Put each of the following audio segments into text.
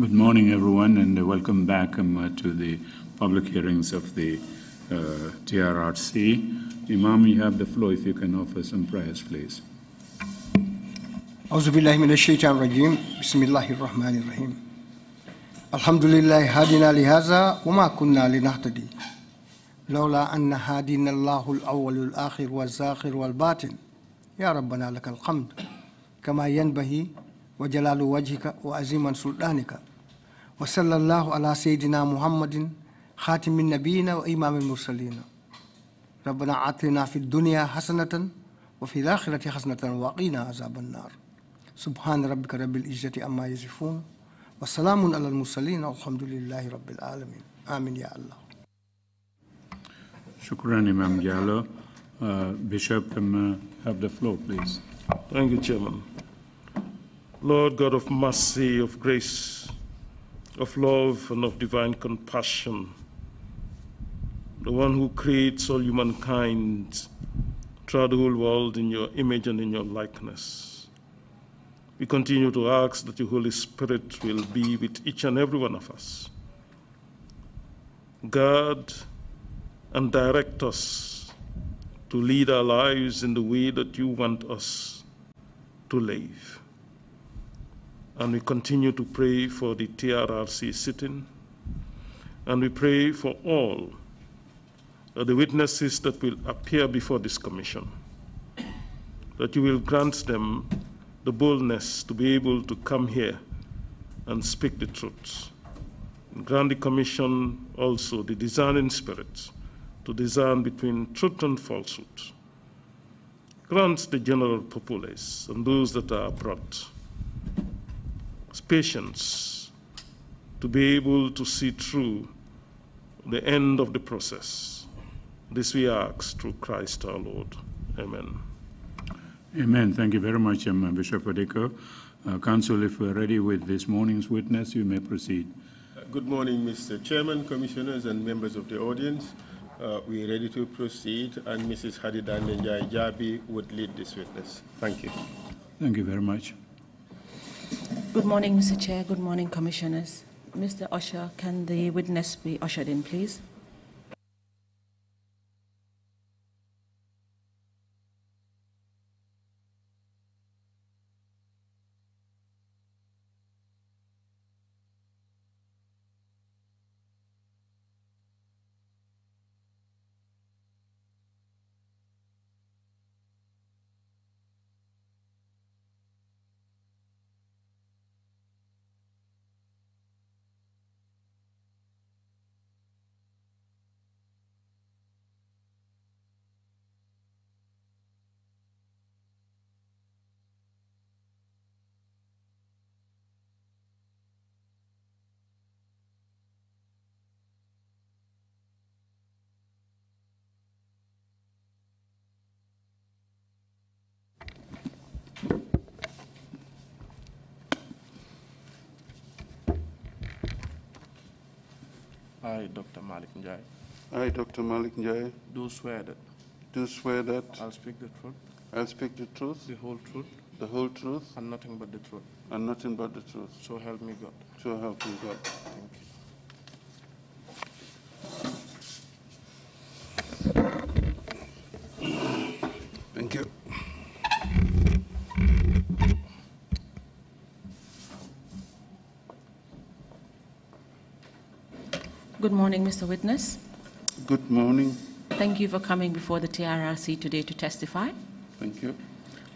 Good morning, everyone, and welcome back um, to the public hearings of the uh, TRRC. Imam, you have the floor if you can offer some prayers, please. أعوذ بالله من الشيطان الرجيم بسم الله الرحمن الرحيم الحمد لله هادنا لهذا وما كنا لنهتدي لولا أن هادنا الله الأول الآخر والزاخر والباطن يا ربنا لك الحمد كما ينبغي وجلال وجهك وعزيما سلطانك وصلى الله على سيدنا محمد خاتم النبيين وإمام المرسلين ربنا آتنا في الدنيا حسنة وفي الآخرة حسنة وقنا عذاب النار سبحان ربك رب العزة عما يصفون وسلام على المرسلين والحمد لله رب العالمين آمين يا الله شكرا إمام جالو Uh, Bishop, um, uh, have the floor, please. Thank you, Chairman. Lord God of mercy, of grace, of love and of divine compassion, the one who creates all humankind throughout the whole world in your image and in your likeness. We continue to ask that your Holy Spirit will be with each and every one of us. Guard and direct us to lead our lives in the way that you want us to live. And we continue to pray for the TRRC sitting. And we pray for all the witnesses that will appear before this commission, that you will grant them the boldness to be able to come here and speak the truth. And grant the commission also the discerning spirit to discern between truth and falsehood. Grant the general populace and those that are abroad patience to be able to see through the end of the process. This we ask through Christ our Lord. Amen. Amen. Thank you very much, um, Bishop Adeko. Uh, Council, if we're ready with this morning's witness, you may proceed. Uh, good morning, Mr. Chairman, Commissioners, and members of the audience. Uh, we're ready to proceed, and Mrs. Hadidan Njai Jabi would lead this witness. Thank you. Thank you very much. Good morning, Mr. Chair. Good morning, Commissioners. Mr. Usher, can the witness be ushered in, please? I, Dr. Malik Njai. I, Dr. Malik Njai. Do swear that. Do swear that. I'll speak the truth. I'll speak the truth. The whole truth. The whole truth. And nothing but the truth. And nothing but the truth. So help me God. So help me God. Good morning, Mr. Witness. Good morning. Thank you for coming before the TRRC today to testify. Thank you.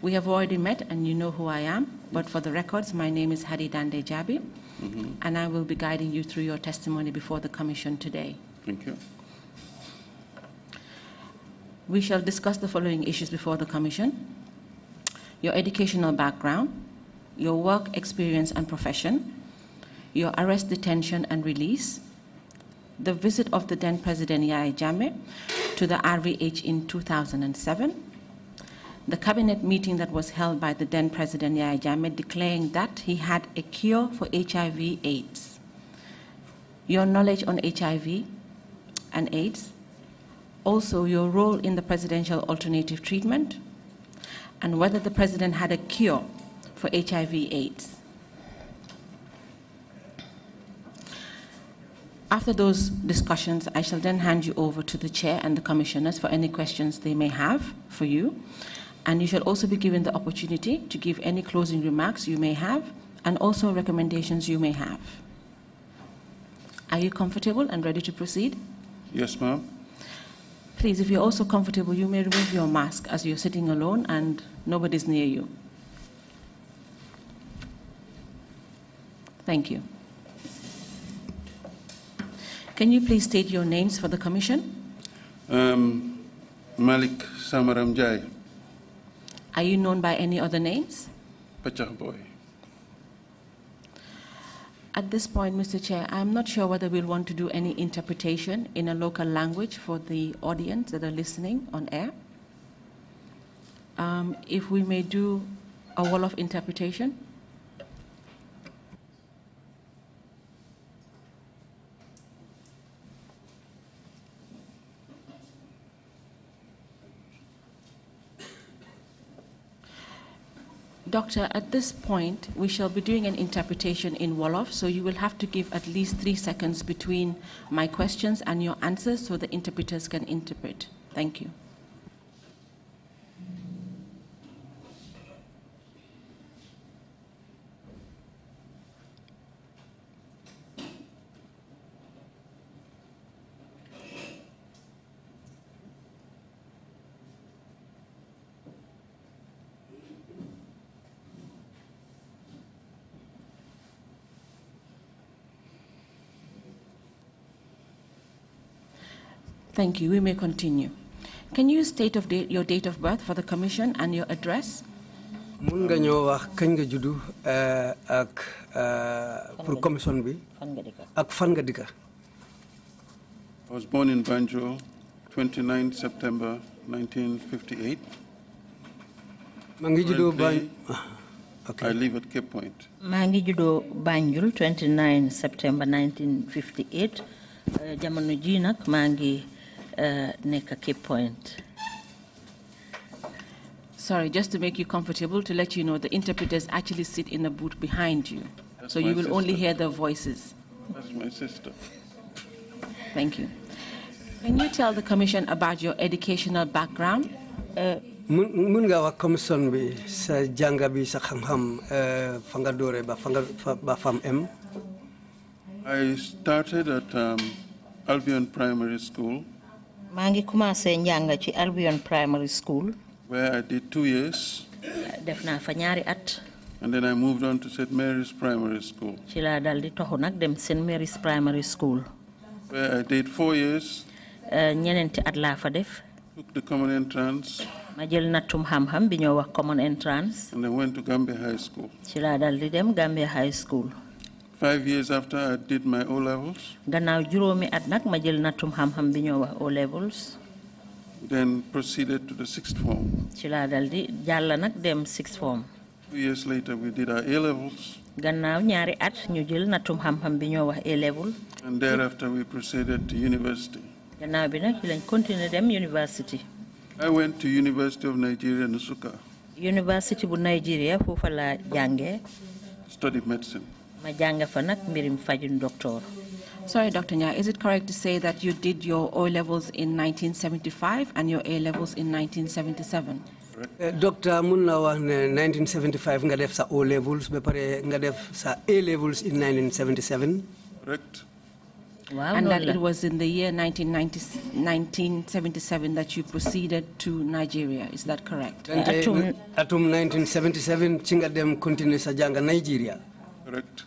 We have already met and you know who I am, but for the records, my name is Hadi Dande Jabi, mm -hmm. and I will be guiding you through your testimony before the Commission today. Thank you. We shall discuss the following issues before the Commission your educational background, your work experience and profession, your arrest, detention, and release, the visit of the then President Yahya Jammeh to the RVH in 2007, the cabinet meeting that was held by the then President Yahya Jammeh declaring that he had a cure for HIV AIDS. Your knowledge on HIV and AIDS, also your role in the presidential alternative treatment, and whether the president had a cure for HIV AIDS. After those discussions, I shall then hand you over to the chair and the commissioners for any questions they may have for you. And you shall also be given the opportunity to give any closing remarks you may have and also recommendations you may have. Are you comfortable and ready to proceed? Yes, ma'am. Please, if you're also comfortable, you may remove your mask as you're sitting alone and nobody's near you. Thank you. Can you please state your names for the commission? Um, Malik Samaram Are you known by any other names? Pachak Boy. At this point, Mr. Chair, I'm not sure whether we'll want to do any interpretation in a local language for the audience that are listening on air. Um, if we may do a wall of interpretation. Doctor, at this point, we shall be doing an interpretation in Wolof, so you will have to give at least three seconds between my questions and your answers so the interpreters can interpret. Thank you. Thank you. We may continue. Can you state of date, your date of birth for the commission and your address? mun nga ñoo wax kañ nga juddu uh, ak uh, pour commission bi ak fan nga dëkk I was born in Banjul 29 September 1958. maa ngi juddoo I live at Cape Point. Mangi judo Banjul 29 September 1958 uh, jamono ji nag maa uh, a key point. Sorry, just to make you comfortable, to let you know, the interpreters actually sit in a booth behind you. That's so you will sister. only hear their voices. That's my sister. Thank you. Can you tell the Commission about your educational background? mun nga wax commission bi sa jànga bi sa xam-xam fa nga ba fa ba fam em I started at um, Albion Primary School Mangi ngi commencé ci Albion Primary School. where I did two years. def na fa ñaari at. And then I moved on to St. Mary's Primary School. Ci laa dal di toxu dem St. Mary's Primary School. Where I did four years. Eh, ñeneenti at laa fa def. Took the common entrance. ma jël nattum ham xam bi ñoo wax common entrance. And I went to Gambia High School. Ci laa dal di dem Gambia High School five years after I did my O levels. Gannaaw juróomi at nak ma jël nattum xam-xam bi ñoo wax O levels. Then proceeded to the sixth form. Ci laa dal di jàll nak dem sixth form. Two years later we did our A levels. Gannaaw ñaari at ñu jël nattum xam-xam bi ñoo wax A level. And thereafter we proceeded to university. Gannaaw bi nag ci lañ continuer dem university. I went to University of Nigeria Nsukka. University bu Nigeria foofa laa jàngee. Studied medicine. Sorry, Dr. Nya, is it correct to say that you did your O levels in 1975 and your A levels in 1977? Eh, Docteur mun na wax ne 1975 nga def sa O levels ba pare nga def sa A levels in 1977. Correct. Wow, and that it was in the year 1977 that you proceeded to Nigeria. Is that correct? Atum, 1977 chingadem nga dem continuer sa janga Nigeria. Correct.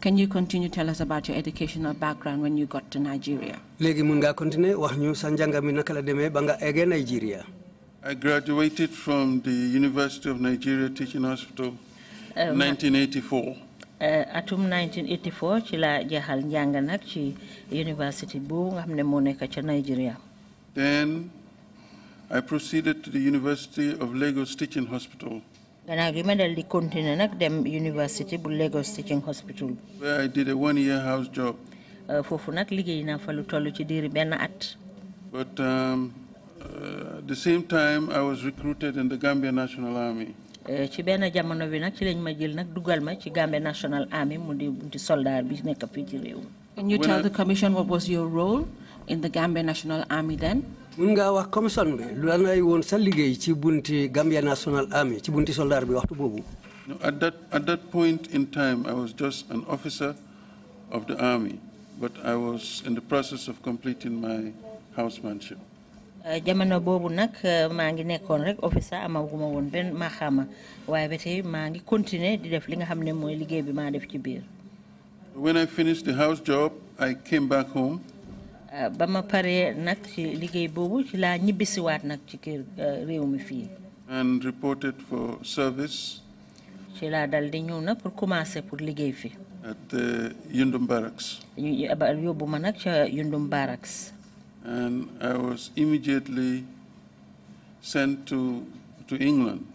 Can you continue to tell us about your educational background when you got to Nigeria? Legi munga ngaa continuer wax ñu sa njàng mi naka la ba nga eggee Nigeria. I graduated from the University of Nigeria Teaching Hospital in uh, 1984. Uh, atum 1984 ci laa jeexal njàng nag ci university bu nga xam ne nekk ca Nigeria. Then I proceeded to the University of Lagos Teaching Hospital. Then I remained at the Kontinenakdem University, Lagos Teaching Hospital. Where I did a one-year house job. Uh, Fofu nak liggéey naa fa lu toll ci at. But um, uh, at the same time, I was recruited in the Gambia National Army. Uh, ci benn jamono bi nag ci lañ ma jël nag dugal ma ci Gambia National Army mu di di soldat bi nekk fii ci réew. Can you tell the commission what was your role in the Gambia National Army then? wax bi lu sa ci bunti Gambia National Army ci bunti bi waxtu at that at that point in time I was just an officer of the army but I was in the process of completing my housemanship. Uh, jamono boobu nag uh, maa ngi nekkoon rek officer amaguma woon benn maxaama waaye ba tey maa ngi continuer di def li nga bi def ci When I finished the house job I came back home ci liggéey ci ci kër euh, réew mi and reported for service. ci dal di ñëw pour commencer pour liggéey fi. at the uh, Yundum Barracks. ñu yóbbu ma nag ca Yundum Barracks. and I was immediately sent to to England.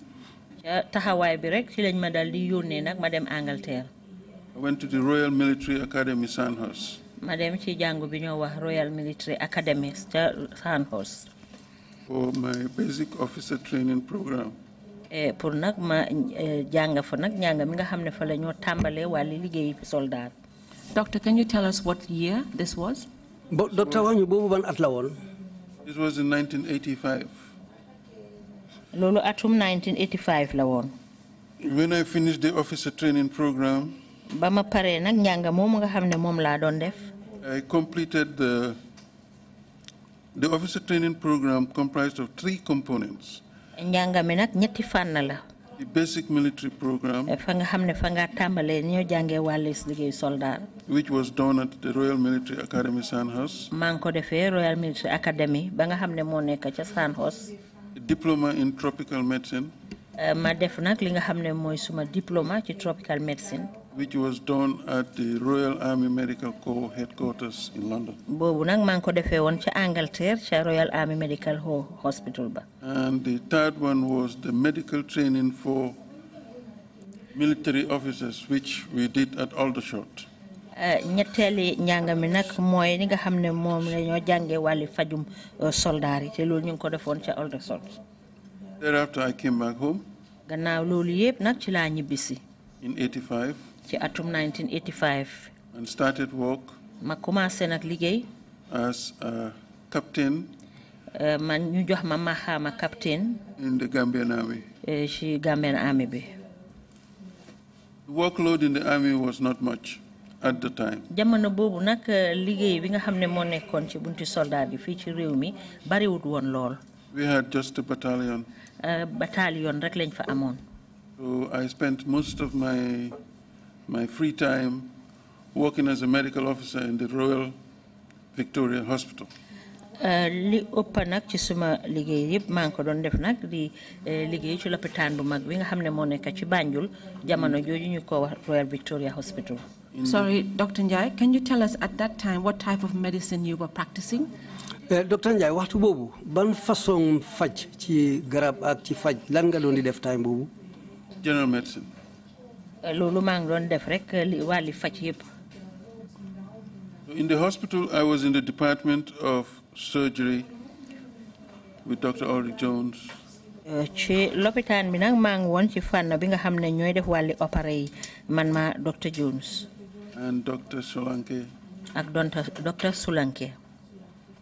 bi rek ci lañ ma dal di ma dem Angleterre. I went to the Royal Military Academy Sandhurst. Madam dem ci jàngu Royal Military Academy ca Sandhurst. for my basic officer training program. Eh, pour nag ma eh, jàng nag ñanga mi hamne xam ne fa la ñoo soldat. Doctor, can you tell us what year this was? Doctor, wa ñu ban at la was in 1985. Lolo atum 1985 la When I finished the officer training program ba ma paree nag njàng nga xam ne moom doon def. I completed the the officer training program comprised of three components. njàng mi nag ñetti la. The basic military program. fa nga fa nga liggéey soldat. which was done at the Royal Military Academy Sandhurst. maa ngi ko defee Royal Military Academy ba nga xam ne nekk ca Sandhurst. diploma in tropical medicine. Euh, ma def nag li nga xam ne suma diplôme ci tropical medicine. which was done at the Royal Army Medical Corps headquarters in London. boobu nag maa ngi ko defee woon ca Angleterre ca Royal Army Medical Hospital ba. and the third one was the medical training for military officers which we did at Aldershot. Euh, ñetteeli njàng mi nag mooy li nga xam ne moom la ñoo fajum euh, soldari yi te loolu ñu ko defoon ca Aldershot. Thereafter, I came back home. gannaaw loolu yëpp nag ci laa in 85. ci atum 1985. and started work. ma commencé nag liggéey. as a captain. Euh, man ñu jox ma maxaama captain. in the Gambian army. Euh, ci Gambian army bi. The workload in the army was not much at the time. jamono boobu nak euh, liggéey bi nga xam ne moo ci bunti soldat yi fii ci réew mi bariwut woon lool. we had just a battalion. Uh, battalion rek lañ fa So I spent most of my my free time working as a medical officer in the Royal Victoria Hospital. Uh, li ëpp nag ci suma liggéey yëpp maa ngi ko doon def nag di uh, liggéey ci lopitaan bu mag bi nga xam ne moo nekk ci Banjul jamono jooju ñu ko wax Royal Victoria Hospital. Sorry, Dr. Njai, can you tell us at that time what type of medicine you were practicing? Eh, docteur Ndiaye waxtu boobu ban façon faj ci garab ak ci faj lan nga doon di def time boobu. Eh, loolu maa ngi doon def rek li wàlli faj yëpp. in the hospital I was in the department of surgery with Dr. Ulrich Jones. Eh, ci lopitaan bi nag maa ngi woon ci fànn bi nga xam ne ñooy def wàlli opéré yi man ma Dr. Jones. and Dr. Solanke. ak Dr. Solanke.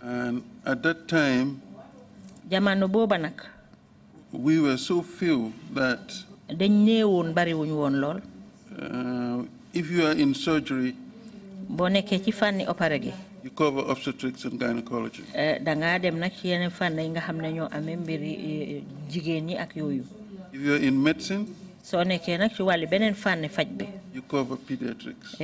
And at that time, we were so few that uh, if you are in surgery, you cover obstetrics and gynecology. Uh, dem nga uh, if you are in medicine you cover pediatrics.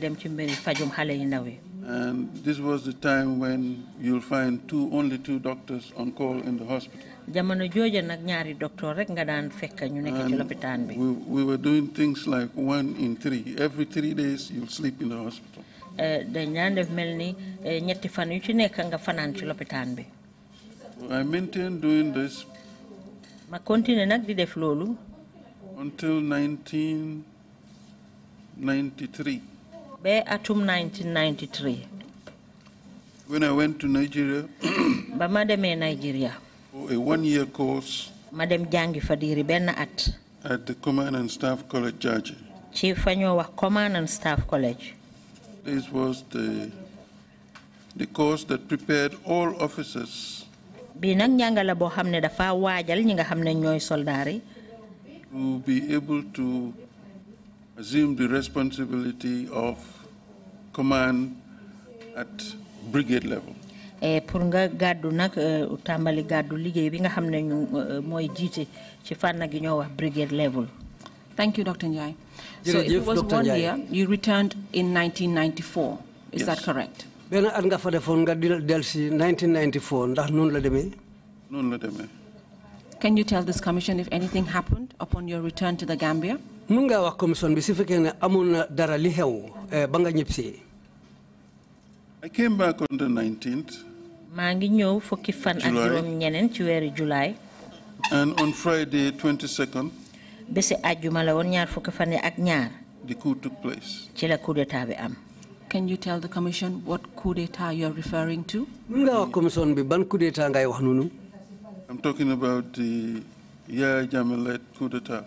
dem ci mbiri fajum xale ndaw And this was the time when you'll find two only two doctors on call in the hospital. jamono ñaari docteur rek nga daan fekk ñu nekk ci bi. we were doing things like one in three every three days you'll sleep in the hospital. dañ def ñetti fan yu ci nekk nga ci bi. I maintained doing this. ma di def until 19. 1993. Be atum 1993. When I went to Nigeria. ba ma demee Nigeria. a one year course. Madam jàngi fa diiri at. At the Command and Staff College Church. Ci fa Command and Staff College. This was the the course that prepared all officers. Bi nag njàngale boo xam ne dafa waajal ñi nga xam ne ñooy To be able to assumed the responsibility of command at brigade level. Eh, pour nga gàddu nag eh, tàmbali gàddu liggéey bi nga xam ne ñu eh, mooy jiite ci fànn gi ñoo wax brigade level. Thank you, Dr. Njai. So it was Dr. one Njai. year, you returned in 1994, is yes. that correct? Ben at nga fa defoon nga delsi 1994 ndax noonu la demee. Noonu la demee. Can you tell this commission if anything happened upon your return to the Gambia? mën nga wax commission bi su fekkee ne amul na dara li xew eh, ba nga ñëpp si I came back on the 19th. maa ngi ñëw fukki fan ak juróom ñeneen ci weeru July. and on Friday 22nd. bési àjjuma la woon ñaar fukki fan ak ñaar. the coup took place. ci la coup d'état bi am. Can you tell the commission what coup d'état you are referring to? mun ngaa wax commission bi ban coup d'état ngay wax noonu. I'm talking about the Yaya Jammeh led coup d'état.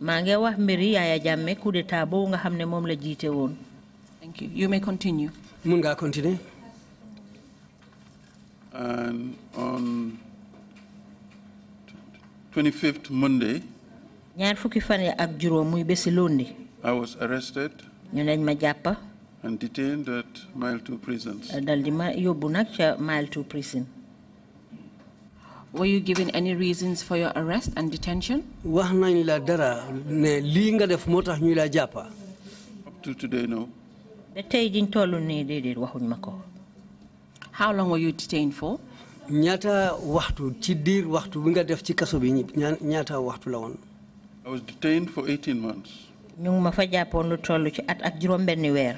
mbiri nga la thank you you may continue. mun ngaa and on 25th Monday. ñaar fukki fan ak muy lundi. I was arrested. ñu ne ma jàpp. and detained at Mile Two prisons. dal di ma yóbbu nag Mile Two prison. Were you given any reasons for your arrest and detention? Wax la dara ne lii nga def moo la jàppa. Up to today no. Ba tey jiñ tollu nii déedéet waxuñ How long were you detained for? Nyata waxtu ci diir waxtu bi nga def ci kaso bi ñaata waxtu la woon. I was detained for 18 months. ñu ngi ma fa jàppoon lu toll ci at ak juróom-benni weer.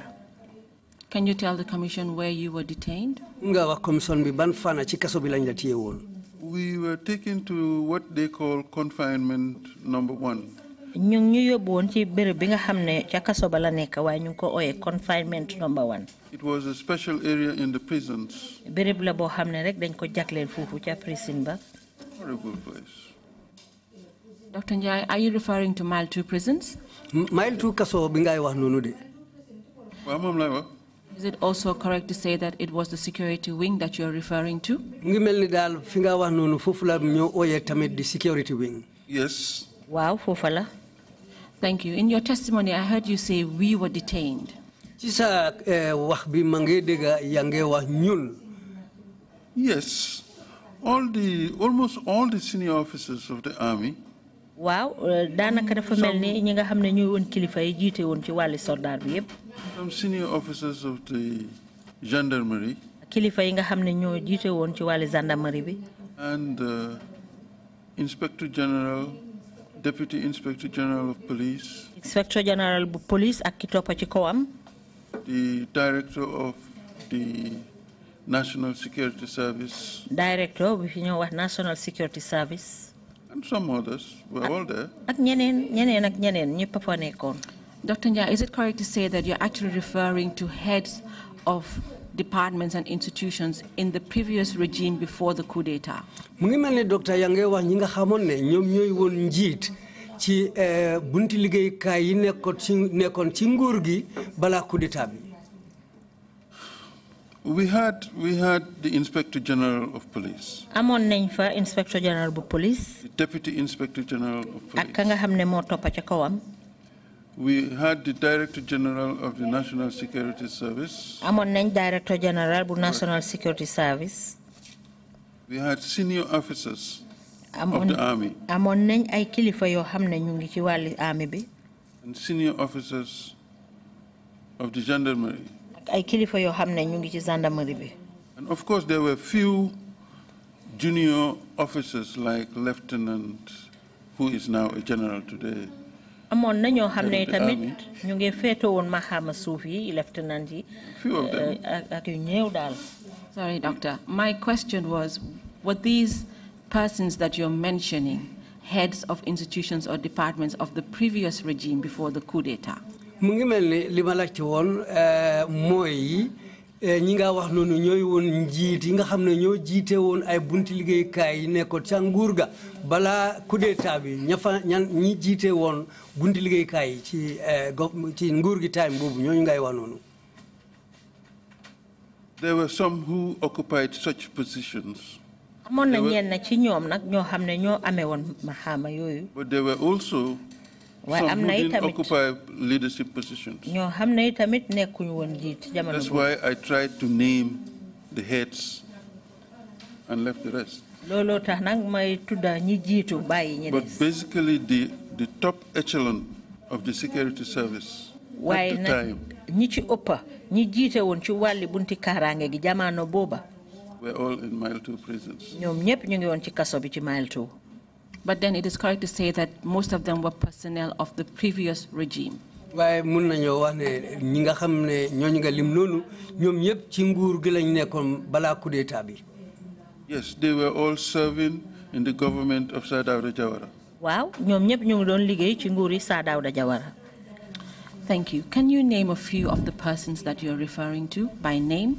Can you tell the commission where you were detained? nga wax commission bi ban fana ci kaso bi lañ la téye we were taken to what they call confinement number one. ñu ñu yóbbu woon ci béréb bi nga xam ne ca kaso la nekk waaye ñu ngi ko ooyee confinement number one. it was a special area in the prisons. béréb la boo xam ne rek dañ ko jagleel foofu ca prison ba. horrible place. Dr. Njai, are you referring to Mile 2 prisons? Mile 2 kaso bi ngay wax noonu de. waaw moom lay wax. Is it also correct to say that it was the security wing that you are referring to? Yes. Wow, fofu Thank you. In your testimony I heard you say we were detained. Eh, yes. All the almost all the senior officers of the army Wow, eh, daanaka dafa mel ni nga kilifa yi ci wàlli bi yëpp I'm senior officers of the gendarmerie. kilifa yi nga xam ne ñoo jiite woon ci wàllu gendarmerie bi. and uh, inspector general deputy inspector general of police. inspector general bu police ak ki toppa ci kawam. the director of the national security service. director bi fi ñoo wax national security service. and some others were all there. ak ñeneen ñeneen ak ñeneen ñëpp fa nekkoon. Dr. Nya, is it correct to say that you're actually referring to heads of departments and institutions in the previous regime before the coup d'etat mu ngi mel ni docteur yaa ngay wax ñi ne ñoom ñooy woon njiit ci bunti liggéeykaay yi nekkoon ci nekkoon nguur gi balaa coup d'état bi We had we had the Inspector General of Police. amoon nañ fa Inspector General bu police. Deputy Inspector General of Police. ak ka nga xam ne moo ca kawam. We had the Director General of the National Security Service. amoon nañ Director général bu National Security Service. We had senior officers of the army. amoon nañ ay kilifa ne ñu ngi army And senior officers of the gendarmerie. ak ay kilifa ne ñu ngi And of course there were few junior officers like Lieutenant, who is now a general today tamit ñu ngi lieutenant yi euh, ak yu ñëw sorry doctor my question was were these persons that you're mentioning heads of institutions or departments of the previous regime before the coup d'etat mu ngi Eh, wax yi nga ay bunti ca coup d'état bi ñi bunti ci eh, ci time ngay wax There were some who occupied such positions. na ci But there were also. waaye am na tamit occupy leadership positions. ñoo xam ne tamit nekkuñu woon jiit jamono boobu. that's why I tried to name the heads and left the rest. looloo tax nag may tudda ñi jiitu bàyyi ñi des. but basically the the top echelon of the security service. waaye nag ñi ci ëppa ñi jiite woon ci wàlli bunti kaaraange gi jamono booba. were all ñoom ñëpp ñu ngi woon ci kaso bi ci Mile Two. but then it is correct to say that most of them were personnel of the previous regime. waaye mun wax ne ñi nga xam ne nga lim noonu ñoom ñëpp ci nguur gi lañ nekkoon balaa coup bi. yes they were all serving in the government of Sir Jawara. waaw ñoom ñëpp ñu ngi doon liggéey ci nguur yi Jawara. thank you can you name a few of the persons that you are referring to by name.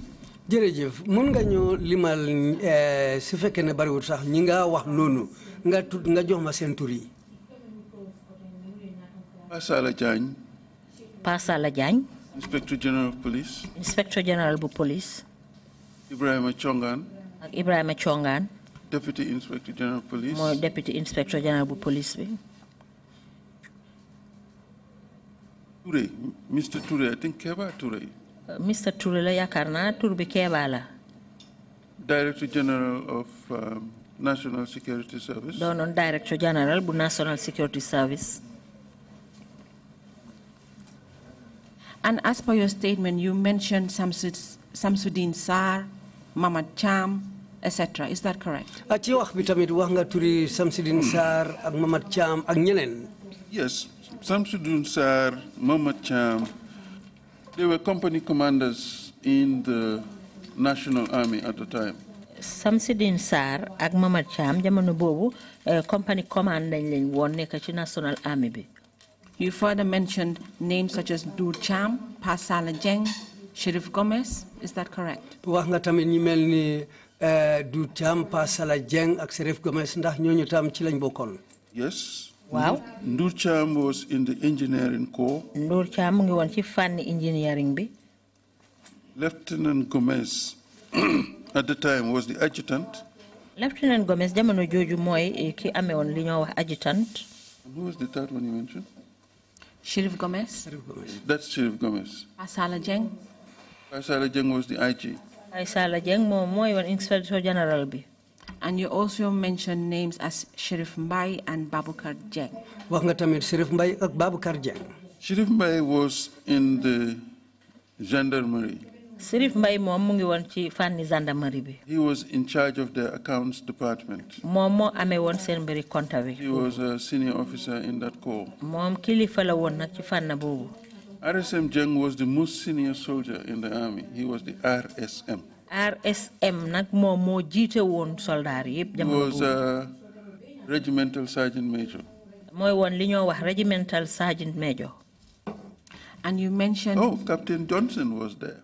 jërëjëf mun nga limal eh, su fekkee ne bariwul sax ñi nga wax noonu. nga tudd nga jox ma seen tur yi. Pasala Diagne. Pasala Diagne. inspecteur général bu police. inspecteur général bu police. Ibrahima Chongan. ak Ibrahima Chongan. mooy deputy inspecteur général bu police bi. Touré Mr euh, Touré la yaakaar naa tur bi Keba la. National Security Service, do noon director général bu National Security Service. And as per your statement, you mentioned Samsudin Sar, Mamad Cham, etc. Is that correct? Ci wax bi tamit wax nga turi Samsudin Sar ak Mamad Cham ak ñeneen. Yes, Samsudin Sar, Mamad Cham, they were company commanders in the National Army at the time. Samsidine Sarr ak Mamad Cham jamono eh, company command lañ leen woon nekk ci National Army bi. You further mentioned names such as Dur Cham, Pasala Jeng, Sheriff Gomez, is that correct? wax nga tamit ñu mel ni eh, Dur Cham Pasala Jeng ak Sheriff Gomez ndax ñooñu tam ci lañ yes. Wow. Ndur Cham was in the engineering corps. Ndur Cham mu ngi woon ci engineering bi. Lieutenant Gomez at the time was the adjutant. Lieutenant Gomez demono jooju moye ki amee woon li adjutant. Who was the third one you mentioned? Sheriff Gomez. That's Sheriff Gomez. Asala Jeng. Asala Jeng was the IG. Asala Jeng moye mooy woon Inspector General And you also mentioned names as Sheriff Mbai and Babukar Jeng. Wax nga Sheriff Mbai ak Babukar Jeng. Sheriff Mbai was in the gendarmerie. Sirif Mbay moom mu ngi woon ci fànni gendarmerie bi. he was in charge of the accounts department. moom moo amee woon seen mbiri compta bi. he was a senior officer in that corps. moom kilifa la woon nag ci fànn boobu. RSM Jeng was the most senior soldier in the army he was the RSM. RSM nak moom moo jiite woon soldaar yëpp. jamono he was a regimental sergeant major. mooy woon li ñoo wax regimental sergeant major. and you mentioned. oh Captain Johnson was there.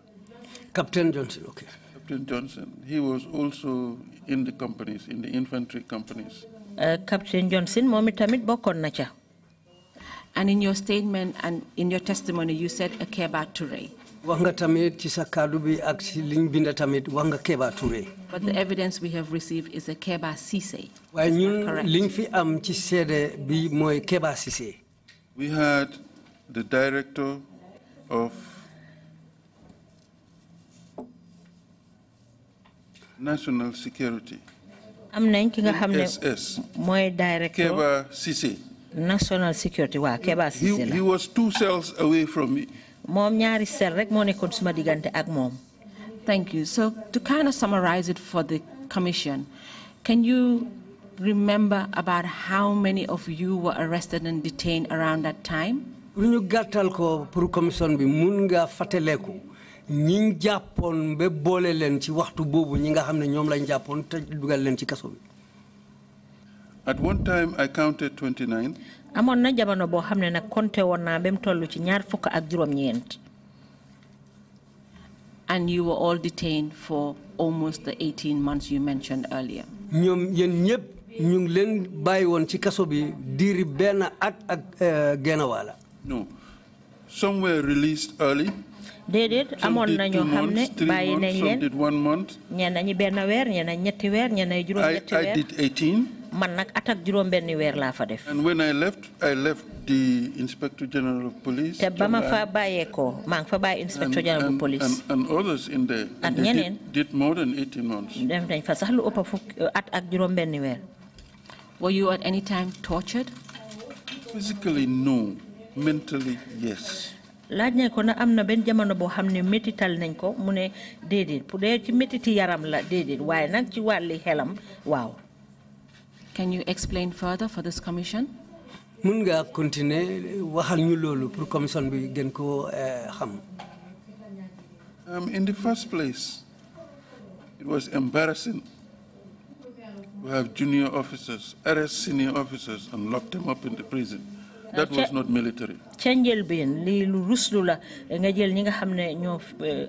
Captain Johnson, okay. Captain Johnson, he was also in the companies, in the infantry companies. Uh, Captain Johnson, momi bokon na And in your statement and in your testimony, you said Akeba Toure. Wanga tamit ci sa kaddu bi wanga Keba Toure. But the evidence we have received is a Keba Sise. We had the director of national security am nañ ki nga xam ne mooy directeur Keba Cissé national security waaw Keba Cissé la he was two cells away from me moom ñaari sel rek moo nekkoon suma diggante ak moom Thank you. So to kind of summarize it for the commission, can you remember about how many of you were arrested and detained around that time? Ñu gàttal ko pour commission bi mun nga fàttaleku ñi jàppoon ba boole leen ci waxtu boobu ñi nga xam lañ te ci bi. At one time I counted 29. amoon na jamono boo xam ne nag compté woon naa ba ci ñaar fukk ak juroom And you were all detained for almost the 18 months you mentioned earlier. ñoom yéen ñëpp ñu ngi leen bàyyi ci kaso bi at ak eh, No, some were released early déedéet amoon na ñoo xam ne bàyyi nañ leen ñenn ñi benn weer ñenn ñi ñetti weer ñenn ñi juróom-ñetti weer. I did 18. man nag at ak juróom-benni weer laa fa def. and when I left I left the inspector general of police. te ba fa bàyyeekoo maa ngi fa bàyyi inspector general of police. and and others in there. ak ñeneen did more than 18 months. def nañ fa sax lu ëpp fukk at ak juróom-benni weer. were you at any time tortured? physically no mentally yes laaj ko na am na jamono métital nañ ko mu ne ci métiti yaram la ci Can you explain further for this commission? mun ngaa continuer waxal ñu loolu pour commission bi gën eh, xam. Um, in the first place, it was embarrassing. We have junior officers, arrest senior officers, and lock them up in the prison. that was not military. lii lu ruslu la nga jël ñi nga xam ne ñoo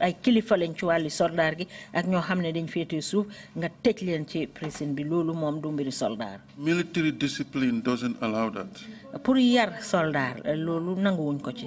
ay kilifa lañ ci wàlli soldaar gi ak ñoo xam ne dañ féete suuf nga tëj leen ci prison bi loolu moom du mbiri soldaar. military discipline doesn't allow that. pour yar soldaar loolu nanguwuñ ko ci.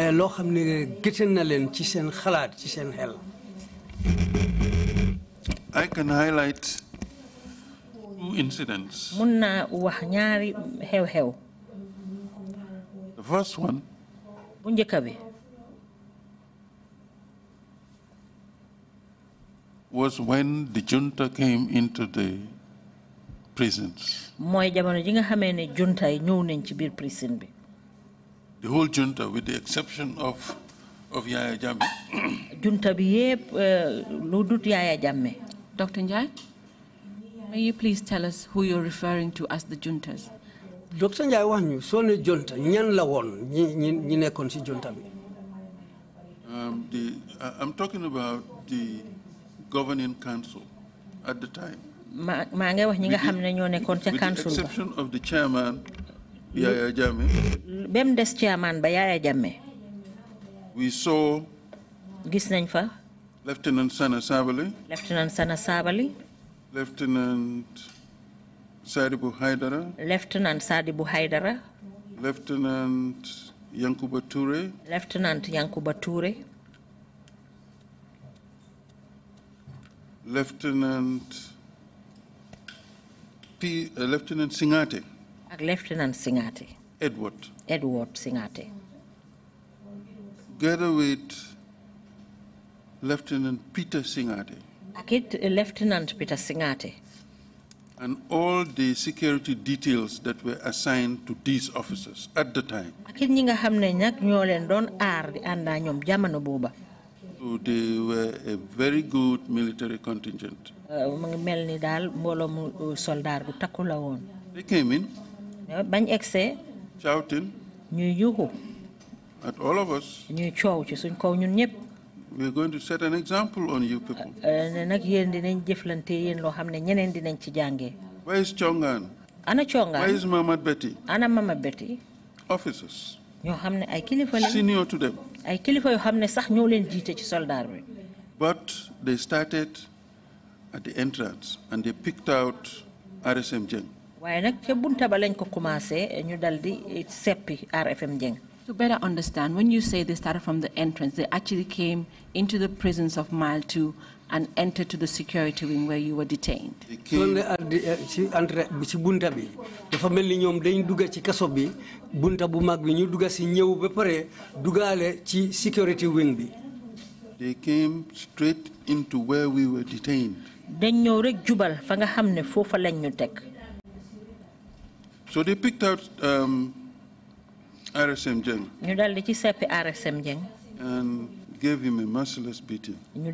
Eh, na ci seen xalaat ci seen xel. I can highlight two incidents. mun wax ñaari xew-xew. the first one. bu bi. was when the junta came into the prisons. mooy jamono ji nga ne junta ñëw nañ ci biir prison bi the whole junta, with the exception of, of Yaya Jammeh. junta bi yépp uh, lu Yaya Jammeh. Dr. Njai, may you please tell us who you're referring to as the juntas? Dr. Njai wax ñu ne junta ñan la woon ñi ñi ñi nekkoon ci junta bi. Um, the, uh, I'm talking about the governing council at the time. maa maa ngi wax ñi nga xam ne ñoo nekkoon council With the exception of the chairman Yaya Jammeh. ba mu des chairman ba Yaya Jammeh. we saw. gis nañ fa. Lieutenant Sana Sabali. Lieutenant Sana Sabali. Lieutenant Sadibu Haidara. Lieutenant Sadibu Haidara. Lieutenant Yankuba Toure. Lieutenant Yankuba Toure. Lieutenant P, uh, Lieutenant Singate. Lieutenant Singati. Edward. Edward Singati. Together with Lieutenant Peter Singati. Akit uh, Lieutenant Peter Singati. And all the security details that were assigned to these officers at the time. Akit ñi nga xam ne nag ñoo leen doon So they were a very good military contingent. Uh, mu ngi mel mu uh, soldaar bu takku They came in bañ shouting ñuy at all of us ñuy ci suñ kaw ñun we are going to set an example on you people eh, eh, yéen dinañ jëflante yéen ñeneen dinañ ci where is Chongan ana Chongan where is Mama Betty ana Mama Betty officers ñoo xam ay kilifa lañ senior to them ay kilifa yoo xam sax ñoo leen ci bi but they started at the entrance and they picked out RSM Jeng waaye nag ca lañ ko commencé ñu dal di seppi RFM Jeng. To better understand, when you say they started from the entrance, they actually came into the prisons of Mile 2 and entered to the security wing where you were detained. security wing bi. They came straight into where we were detained. jubal so they picked out um, RSM Jeng. and gave him a merciless beating. they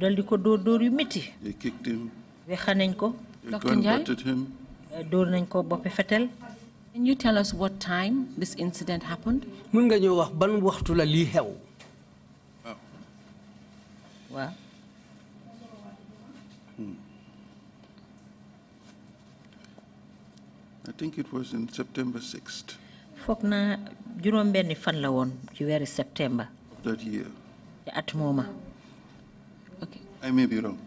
kicked him. They nañ ko. they him. Eh, dóor Can you tell us what time this incident happened? mën nga I think it was in September 6th foog naa juróom benni fan la woon ci weeri septembre that year ci at mooma ok I may be wrong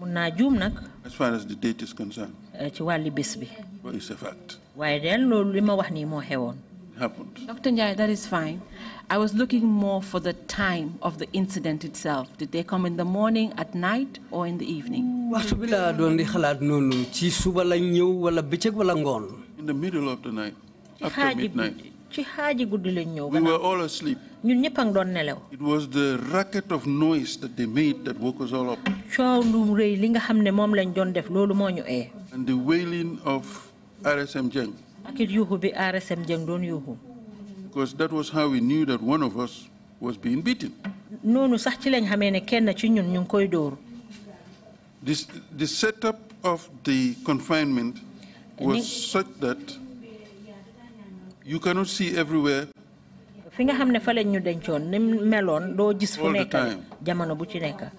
mun naa juum nag as far as the date is concerned eh, ci wàlli bés bi but it's a fact waaye daal loolu li ma wax nii moo xewoon happened. Dr. that is fine. I was looking more for the time of the incident itself. Did they come in the morning, at night, or in the evening? ñëw in the middle of the night. after midnight. ci xaaji guddi lañ ñëw. we were all asleep. it was the racket of noise that they made that woke us all up. and the wailing of RSM Jeng because that was how we knew that one of us was being beaten this the setup of the confinement was such that you cannot see everywhere fi nga xamné fa lañ ñu dencoon ni meloon do gis fu nekk jamono bu ci nekk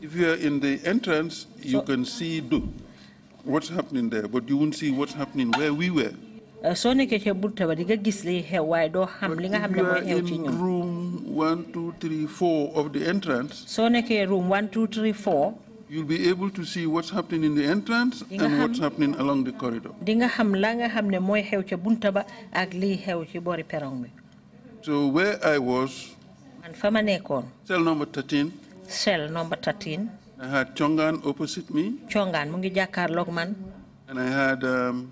if you are in the entrance you so, can see do what's happening there, but you won't see what's happening where we were. Eh, so nekkee ca bunta ba di nga gis li xew waaye doo xam li room one two three four of the entrance. soo nekkee room one two three four. you'll be able to see what's happening in the entrance and what's happening along the corridor. di nga xam la nga ne mooy xew ca bunta ba ak lii xew ci perong bi. so where I was. man fa ma nekkoon. cell number 13. cell number 13. I had Chongan opposite me. Chongan mu ngi jàkkaarloog man. And I had um,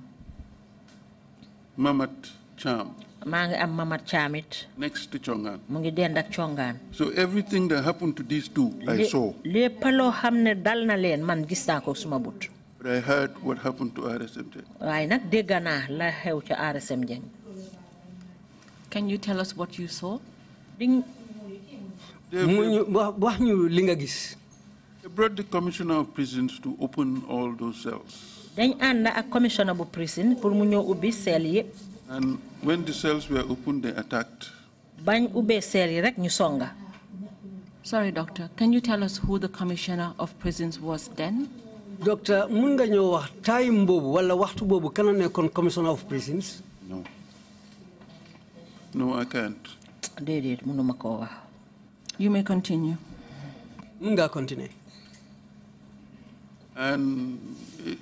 Mamat Cham. Mang am Mamat Cham it. next to Chongan. mu ngi Chongan. so everything that happened to these two I saw. Le palo xam ne dal na len man gista ko sumabut. but. I heard what happened to RSM Jeng. waaye nag la Can you tell us what you saw? Mu ñu ñu li nga gis brought the commissioner of prisons to open all those cells. dañ ànd a commissioner bu prison pour mu ñëw ubbi seel yëpp. and when the cells were opened they attacked. bañ ubbee seel yi rek ñu songa. sorry doctor can you tell us who the commissioner of prisons was then. doctor mun nga ñëw wax time bobu wala waxtu bobu kan a commissioner of prisons. no no I can't. déedéet mënuma koo wax. you may continue. nga continue. And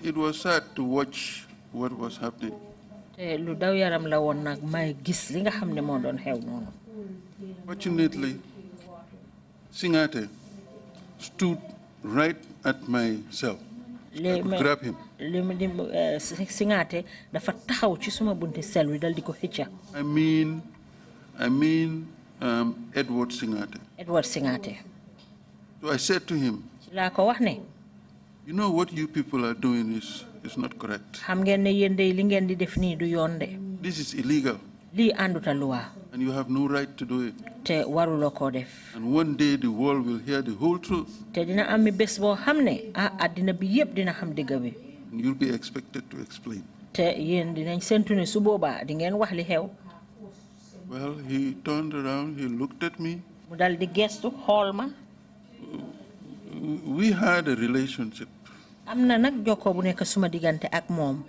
it was sad to watch what was happening. Fortunately, Singate stood right at my cell. I could grab him. Eh, I mean, I mean um, Edward Singate. Edward Singate. So I said to him. You know what you people are doing is is not correct. This is illegal. ànduta And you have no right to do it. te And one day the world will hear the whole truth. te dina dina And you'll be expected to explain. te yéen dinañ séntu ne su boobaa di Well, he turned around, he looked at me. gestu We had a relationship am na nag jokkoo bu nekk suma diggante ak mom.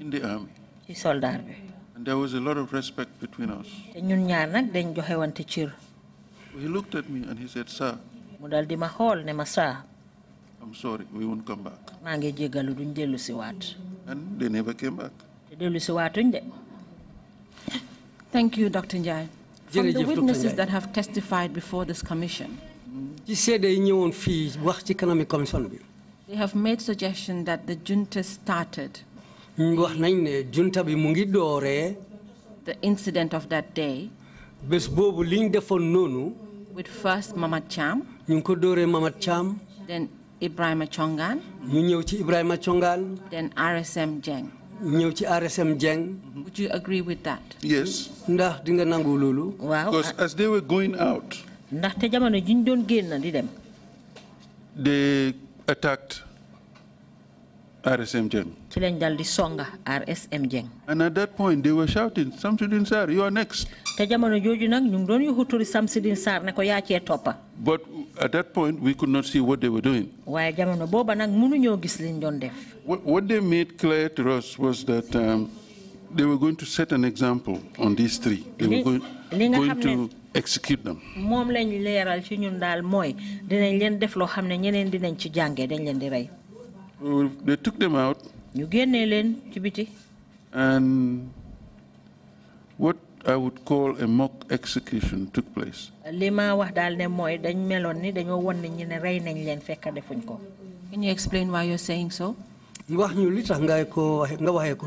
in the army. ci soldaar bi. and there was a lot of respect between us. te ñun ñaar nag dañ joxe wante cër. he looked at me and he said sir. mu dal di ma xool ne ma I'm sorry we won't come back. maa ngi jéggalu duñ and they never came back. te dellu si waatuñ de. Thank you, Dr. Njai. From the witnesses that have testified before this commission. They have made suggestion that the junta started. wax junta The incident of that day. bés with first Mama Cham. ñu Cham. then Ibrahima Chongan. ñu Chongan. then RSM Jeng. RSM Jeng. would you agree with that. yes. ndax di because ah. as they were going out. di dem. they attacked RSM Jeng. songa and at that point they were shouting Samsudeen Sarr you are next. but at that point we could not see what they were doing. waaye def. what they made clear to us was that. Um, they were going to set an example on these three. They were going, going to execute them. lañ ci ñun dinañ leen def ñeneen dinañ ci dañ leen di they took them out. ñu leen ci biti. and what I would call a mock execution took place. li ma wax ne dañ meloon ni dañoo won nañ leen fekk defuñ ko. can you explain why you're saying so. wax ñu li tax nga ko nga ko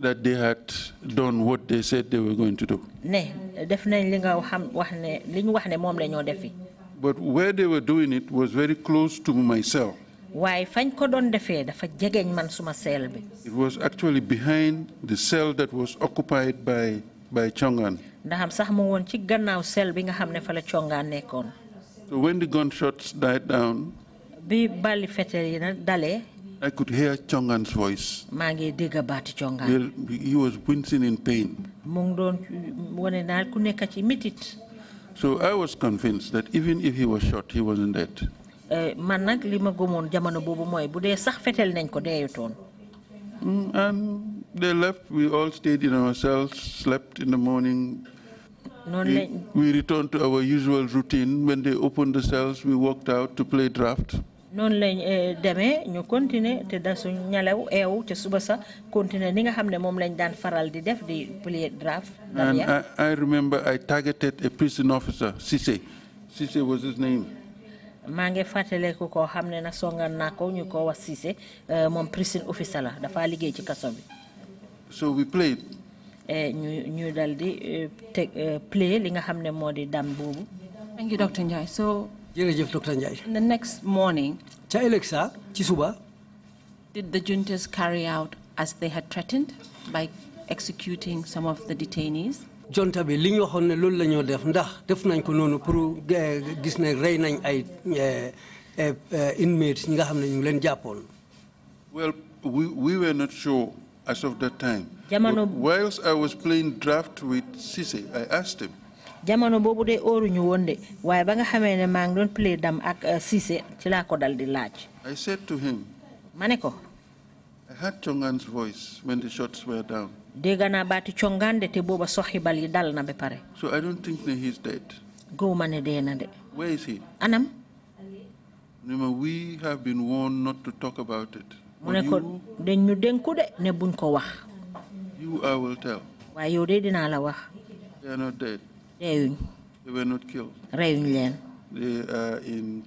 that they had done what they said they were going to do. Ne, defi. But where they were doing it was very close to my cell. suma It was actually behind the cell that was occupied by by Chongan. nga Chongan So when the gunshots died down. Bi bali fetel I could hear Chongan's voice. maa Chongan. Well, he was wincing in pain. So I was convinced that even if he was shot, he wasn't dead. Eh, mm, and they left. We all stayed in our cells, slept in the morning. We, we returned to our usual routine. When they opened the cells, we walked out to play draft. noonu lañ eh, demee ñu continuer te da suñ ñalaw eew ca suba sa continuer ni nga xam ne moom lañ daan faral di def di plier draft. and I, I remember I targeted a prison officer Cissé Cissé was his name. maa ngi fàttaleku koo xam ne nag songan naa ko ñu ko wax Cissé eh, moom prison officer la dafa liggéey ci kaso bi. so we played. Eh, ñu dal di teg play li nga xam ne moo di dam boobu. thank you Dr Njie jërëjëf docteur Ndiaye. the next morning. ca ëllëg sa ah, ci suba. did the juntas carry out as they had threatened by executing some of the detainees. jonta bi li ñu waxoon ne loolu la ñoo def ndax def nañ ko noonu pour gis ne rey nañ ay inmates ñi nga xam ne ñu leen jàppoon. well we we were not sure as of that time. jamono whilst I was playing draft with Cissé I asked him jamono boobu de óoruñu woon de ba nga xamee ne maa ngi doon play dam ak Cissé eh, ci laa ko dal di laaj. I said to him. Maneko. I heard Chongan's voice when the shots were down. dégg naa baati Chongan de te boba soxi bal yi dal na be pare. so I don't think that he's dead. Go ne dee na de. where is he. anam. ne we have been warned not to talk about it. mu ne ko dañ ñu dénku de ne buñ ko wax. you I will tell. waaye yow de dinaa la wax. they are not dead. They were not killed. They are in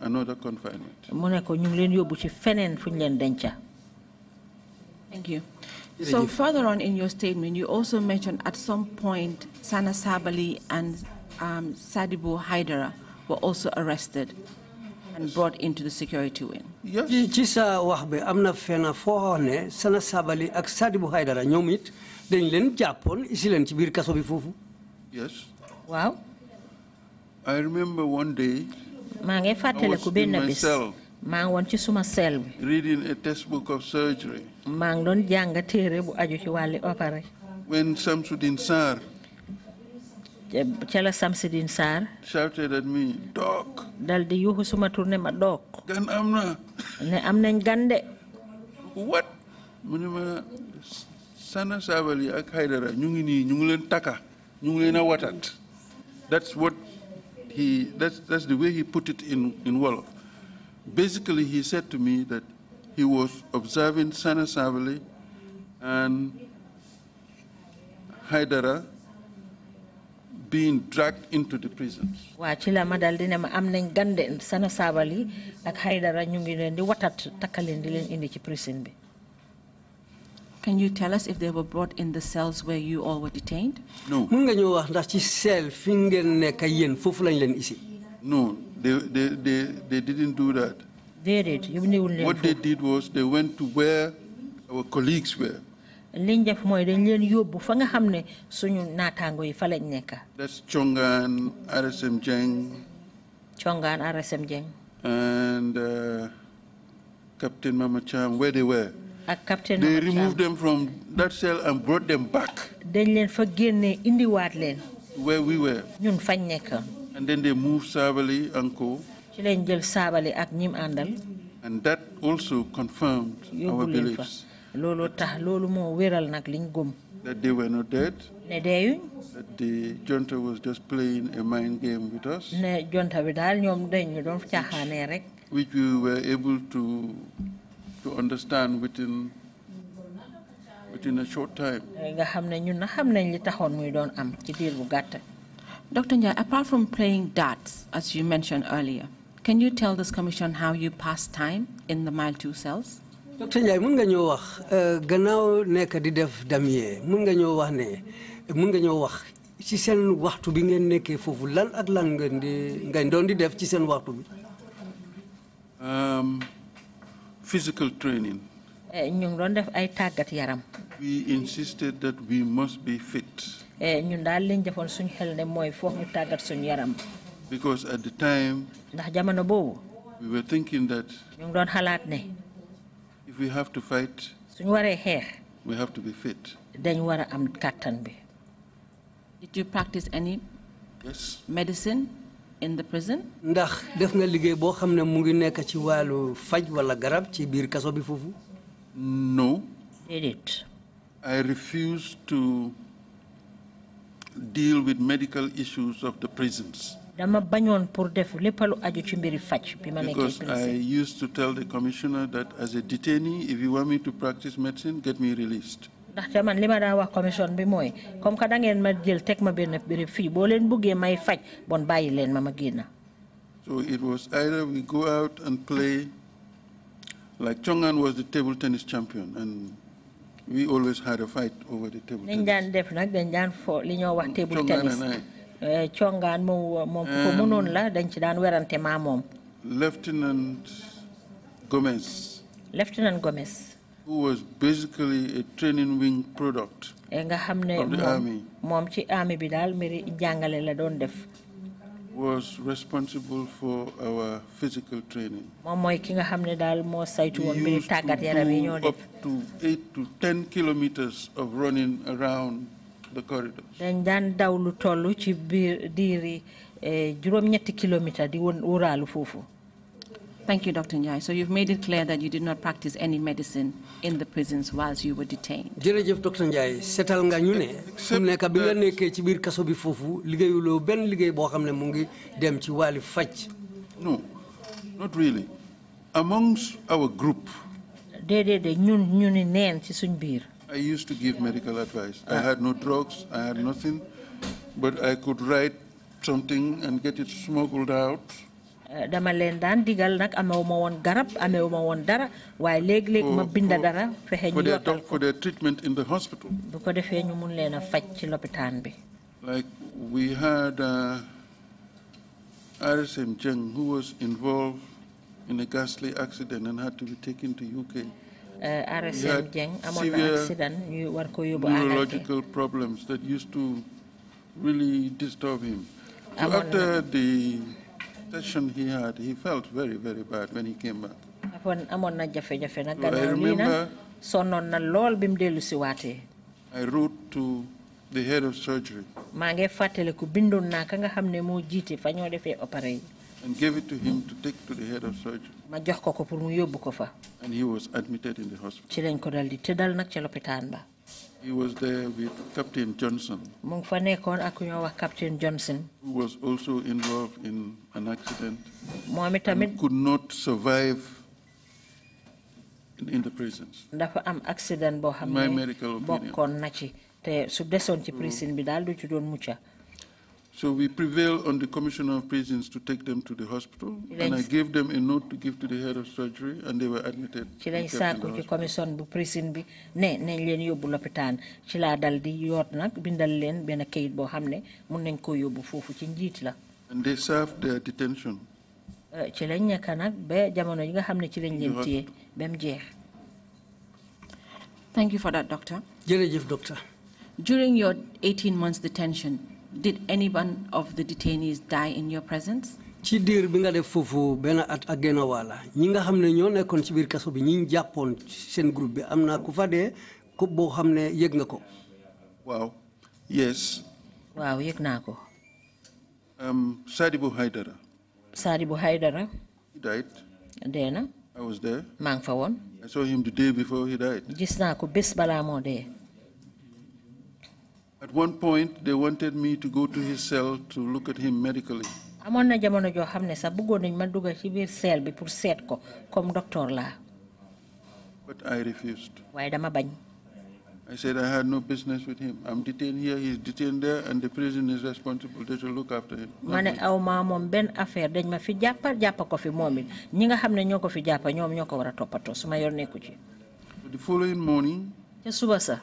another confinement. mu ne ko ñu ngi leen yóbbu ci feneen fu ñu leen denca. Thank you. So further on in your statement, you also mentioned at some point Sana Sabali and um, Sadibu Haidara were also arrested and brought into the security wing. Yes. Ci sa wax bi am na fenn foo ne Sana Sabali ak Sadibu Haidara ñoom it dañ leen jàppoon isi leen ci biir kaso bi foofu. waaw. I remember one day. ngi fàttaliku benn bés. maa ngi woon ci suma sel bi. reading a textbook of maa ngi doon jàng téere bu aju ci wàlli opéré. when Samsudin Sarr. ca la Samsudin Sarr. shouted dook. dal yuuxu suma tourné ma dook. gan am na. ne am nañ gande. what. mu ne ma Sana Sabally ak Haidara ñu ngi nii ñu ngi leen takka. ñu ngi leen that's what he that's that's the way he put it in in Wolof. Basically, he said to me that he was observing Sana Savali and Haidara being dragged into the prisons. waa ci la ma daal di gande Sana Sabali ak Haidara ñu ngi leen di watat takkaleen di leen indi ci prison bi. Can you tell us if they were brought in the cells where you all were detained? No. Mun nga ñu cell fi ngeen nekk yeen fofu lañ isi. No, they, they, they, they didn't do that. They did. What they did was they went to where our colleagues were. liñ def mooy dañ leen yóbbu fa nga xam ne suñu naataango yi fa lañ nekk. that's Chongan RSM Jeng. Chongan RSM Jeng. and uh, Captain Mama Cham where they were ak They removed them from that cell and brought them back. dañ leen fa génne indiwaat leen. where we were. and then they moved Sabali and co. ci lañ jël Sabali and that also confirmed our beliefs. tax wéral liñ that they were not dead. ne that the junta was just playing a mind game with us. ne bi ñu doon rek. which we were able to to understand within within a short time. Dr. Njai, apart from playing darts, as you mentioned earlier, can you tell this commission how you pass time in the mile two cells? Dr. Njai, mun nga ñoo wax euh, gannaaw nekk di def damier mun nga ñoo wax ne mun nga ñoo wax ci seen waxtu bi ngeen nekkee foofu lan ak lan ngeen di ngeen doon di def ci seen waxtu bi. Um, physical training. Eh, we insisted that we must be fit. Because at the time, we were thinking that if we have to fight, we have to be fit. Did you practice any medicine? in the prison. ndax def nga liggéey boo xam ne mu ngi nekk ci wàllu faj wala garab ci biir kaso bi foofu. no. déedéet. I refuse to deal with medical issues of the prisons. dama bañoon pour def lépp lu aju ci mbiri faj bi ma nekkee prison. because I used to tell the commissioner that as a detainee if you want me to practice medicine get me released ndaxte man li ma daan wax commission bi mooy comme que da ngeen ma jël teg ma benn béréb fii boo leen buggee may faj bon bàyyi leen ma ma génn. so it was either we go out and play like Chongan was the table tennis champion and we always had a fight over the table tennis. dañ daan def nag dañ daan fo li ñoo wax table tennis. Eh, Chongan moom moom ko mënoon la dañ ci daan werante maa moom. Lieutenant Gomez. Lieutenant Gomez who was basically a training wing product of the army was responsible for our physical training. moom used to nga up to eight to ten kilometers of running around the corridors. Thank you, Dr. Nyai. So you've made it clear that you did not practice any medicine in the prisons whilst you were detained. jërëjëf docteur Ndiaye seetal nga ñu ne su nekk bi nga nekkee ci biir kaso bi foofu liggéeyuloo benn liggéey boo xam ne mu ngi dem ci wàllu faj. no not really amongst our group. déedéedéet ñun ñu ni neen ci suñ biir. I used to give medical advice. I ah. had no drugs, I had nothing, but I could write something and get it smuggled out. Eh, dama leen daan digal nag amewuma woon garab amewuma woon dara waaye léeg-léeg ma oh, binda oh, dara fexe ñu yottal bu ko defee ñu mun leen a faj ci lopitaan bi like we had uh, Jeng who was involved in a ghastly accident and had to be taken to UK uh, eh, RSM Jeng amoon na accident ñu war ko yóbbu neurological problems that used to really disturb him so after the impression he had, he felt very, very bad when he came back. kon amoon I wrote to the head of surgery. and gave it to him to take to the head of surgery. and he was admitted in the hospital. He was there with Captain Johnson. mu ngi fa nekkoon Captain Johnson. who was also involved in an accident. Mohamed Tamit could not survive in, in the prisons. dafa am accident boo xam my medical opinion bokkoon na ci te su desoon ci prison bi daal du ci doon mucca so we prevailed on the Commissioner of Prisons to take them to the hospital, and I gave them a note to give to the head of surgery, and they were admitted. ci lañ sàkku ci bu prison bi ne ne leen yóbbu lopitaan ci laa dal di yoot nag bindal leen benn kayit boo xam ne mun nañ koo yóbbu foofu la. and they served their detention. Euh, ci lañ nekk nag ba jamono yi nga xam ne ci thank you for that doctor. Jerejev, doctor. during your 18 months detention did anyone of the detainees die in your presence? ci diir bi nga def foofu benn at ak genn wàll ñi nga xam ne ñoo nekkoon ci biir kaso bi ñi jàppoon seen groupe bi am naa ku fa dee ku boo xam ne yëg nga ko. waaw yes. waaw yëg naa ko. Um, Sadibou Haidara. Sadibou Haidara. he died. dee na. I was there. maa ngi fa woon. I saw him the day before he died. gis naa ko bés balaa moo dee. At one point, they wanted me to go to his cell to look at him medically. bi But I refused. I said I had no business with him. I'm detained here, he's detained there, and the prison is responsible. They should look after him. ne The following morning. ca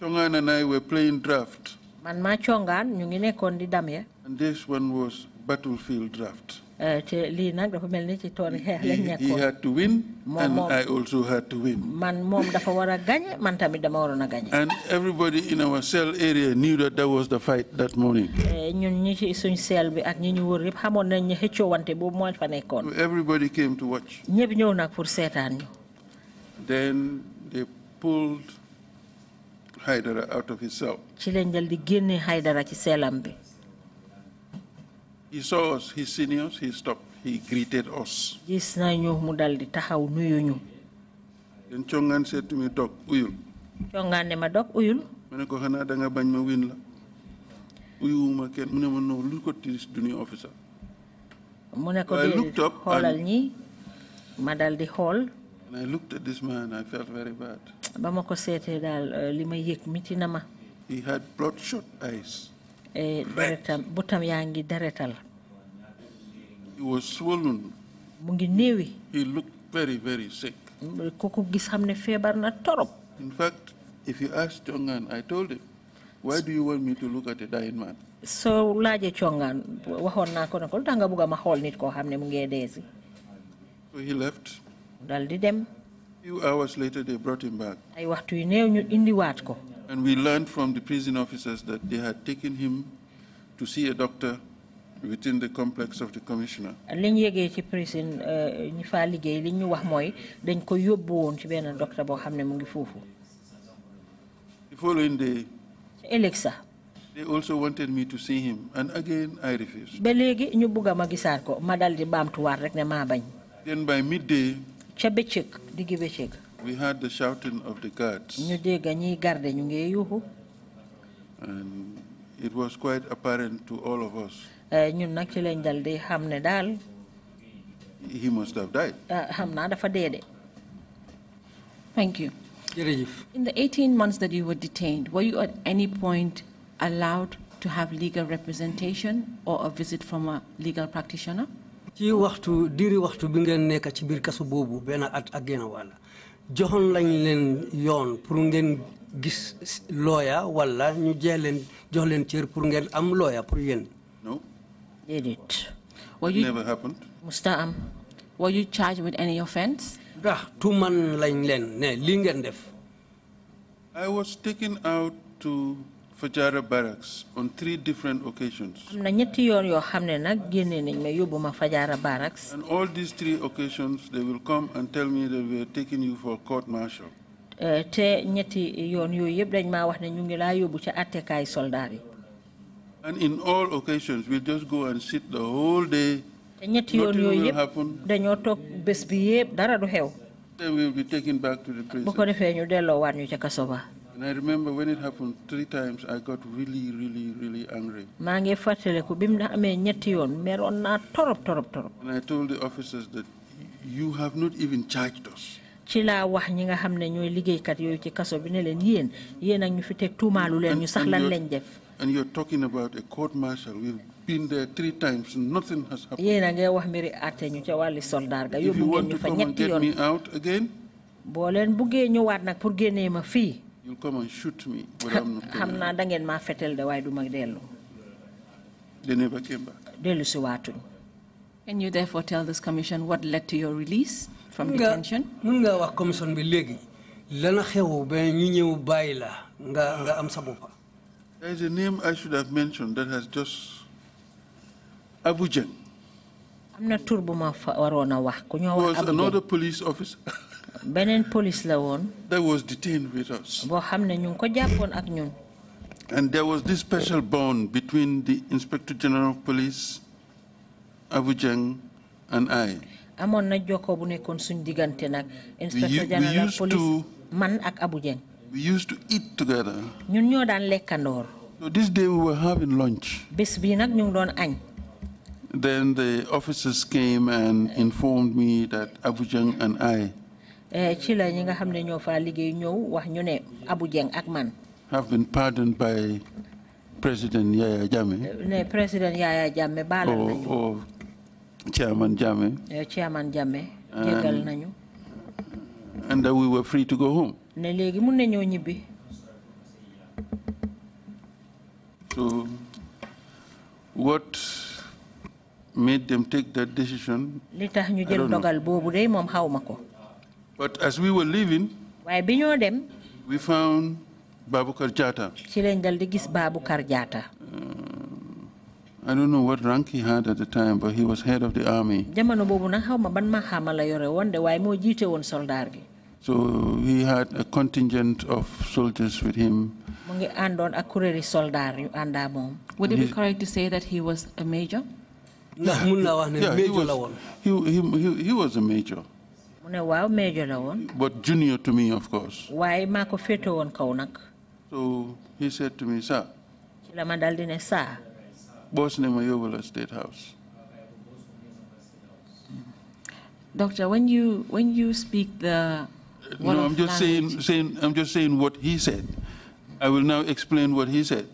Chongan and I were playing draft. Man ma Chongan ñu ngi nekkoon di dam ya. And this one was battlefield draft. te eh, li nag dafa mel ni ci tool xeex lañ nekkoon. He had to win and I also had to win. Man mom, dafa war ganye, man tamit dama waroon a gañe. And everybody in our cell area knew that that was the fight that morning. Eh, ñun ñi ci suñ seel bi ak ñi ñu wër yëpp xamoon nañ ne xëccoowante boobu fa nekkoon. Everybody came to watch. Nyep ñëw nag pour seetaan Then they pulled. Haidara out of his cell. ci lañ dal di génne Haidara ci seelam bi. He saw us, his seniors, he stopped, he greeted us. gis ñu mu dal di taxaw ñu. Den Chongan said to me, Doc, uyul. Chongan ne ma Doc, uyul. ma ko xana da nga bañ ma win la. uyuwuma kenn mu ne ma no lu ko tiris duni officer. mu ne ko di xoolal ñi ma dal di xool. And I looked at this man, I felt very bad. Eh, he had bloodshot eyes. Eh, deretam bëtam yaa ngi deretal. he was swollen. mu ngi he looked very very sick. gis na torop. in fact if you ask Chongan I told him why do you want me to look at a dying man. So, laajee Chongan waxoon naa ko ne ko lu nga bugg ma xool nit mu so he left. dal di dem few hours later, they brought him back. And we learned from the prison officers that they had taken him to see a doctor within the complex of the commissioner. liñ ci prison eh, ñi ñu wax dañ ko yóbbu ci benn docteur mu ngi The following day, ci they also wanted me to see him, and again I refused. ba ñu ma ko ma rek ne bañ. Then by midday, we heard the shouting of the guards and it was quite apparent to all of us eh, he must have died eh, thank you in the 18 months that you were detained were you at any point allowed to have legal representation or a visit from a legal practitioner ci waxtu diiri waxtu bi ngeen nekk ci biir kasu boobu benn at ak genn wàll joxoon lañ leen yoon pour ngeen gis looya walla ñu jee leen jox leen cër pour ngeen am looya pour yéen. non. déedéet. it never happened. tuuman lañ leen ne lii ngeen def. Fajara Barracks on three different occasions. am na ñetti yoon yoo xam ne nag génne nañ ma yóbbu Fajara Barracks. And all these three occasions they will come and tell me that we are taking you for court martial. Eh, te ñetti yoon yooyu yëpp dañ maa wax ne ñu ngi laa yóbbu ci àttekaay soldaar yi. and in all occasions we just go and sit the whole day. te ñetti yoon yooyu yëpp dañoo toog bés bi yëpp dara du xew. then we will be taken back to the prison. bu ko defee ñu delloowaat ñu ca kaso ba. And I remember when it happened three times, I got really, really, really angry. maa ngi fàttaliku bi mu la amee ñetti torop torop torop. And I told the officers that you have not even charged us. ci laa wax ñi nga xam ne ñooy liggéeykat yooyu ci kaso bi ne leen yéen yéen ak ñu fi teg tuumaalu leen ñu sax lan lañ def. And you're talking about a court martial. We've been there three times. Nothing has happened. yéen a ngi wax mbiri àtte ñu ca wàlli soldaar ga. yóbbu ngeen ñu fa ñetti yoon if you want to come and get me out again. boo leen buggee ñëwaat nag pour génnee ma fii. You come and shoot me, but I'm not coming. They never came back. Can you therefore tell this commission what led to your release from detention? commission lana ba ñu ñëw nga nga am sa There is a name I should have mentioned that has just Abu Jeng. am bu ma fa wax ku ñoo wax was another police officer. beneen police la that was detained with us. ñu ko ak ñun. and there was this special bond between the inspector general of police Abujang and I. amoon na jokkoo bu inspector general of police man ak Abujang. we used to eat together. ñun ñoo daan so this day we were having lunch. bés ñu doon añ. Then the officers came and informed me that Abujang and I Eh, ci la ñi nga xam ñoo fa liggéey ñëw wax ñu ne Abu Dieng ak man. have been pardoned by President Yaya Jammeh. ne President Yaya Jammeh baalal nañu. or Chairman Jammeh. Eh, Chairman Jammeh. jéggal nañu. and that we were free to go home. ne léegi mun nañoo ñibbi. so what made them take that decision. li tax ñu jël dogal boobu de moom xaw but as we were leaving, we found Babu Karjata. ci uh, I don't know what rank he had at the time, but he was head of the army. So he had a contingent of soldiers with him. Would it be correct to say that he was a major? ndax mun naa major la He, he, he, he was a major major But junior to me, of course. So he said to me, sir. Boss Nemayobola State House. Doctor, when you when you speak the no, I'm just saying saying I'm just saying what he said. I will now explain what he said.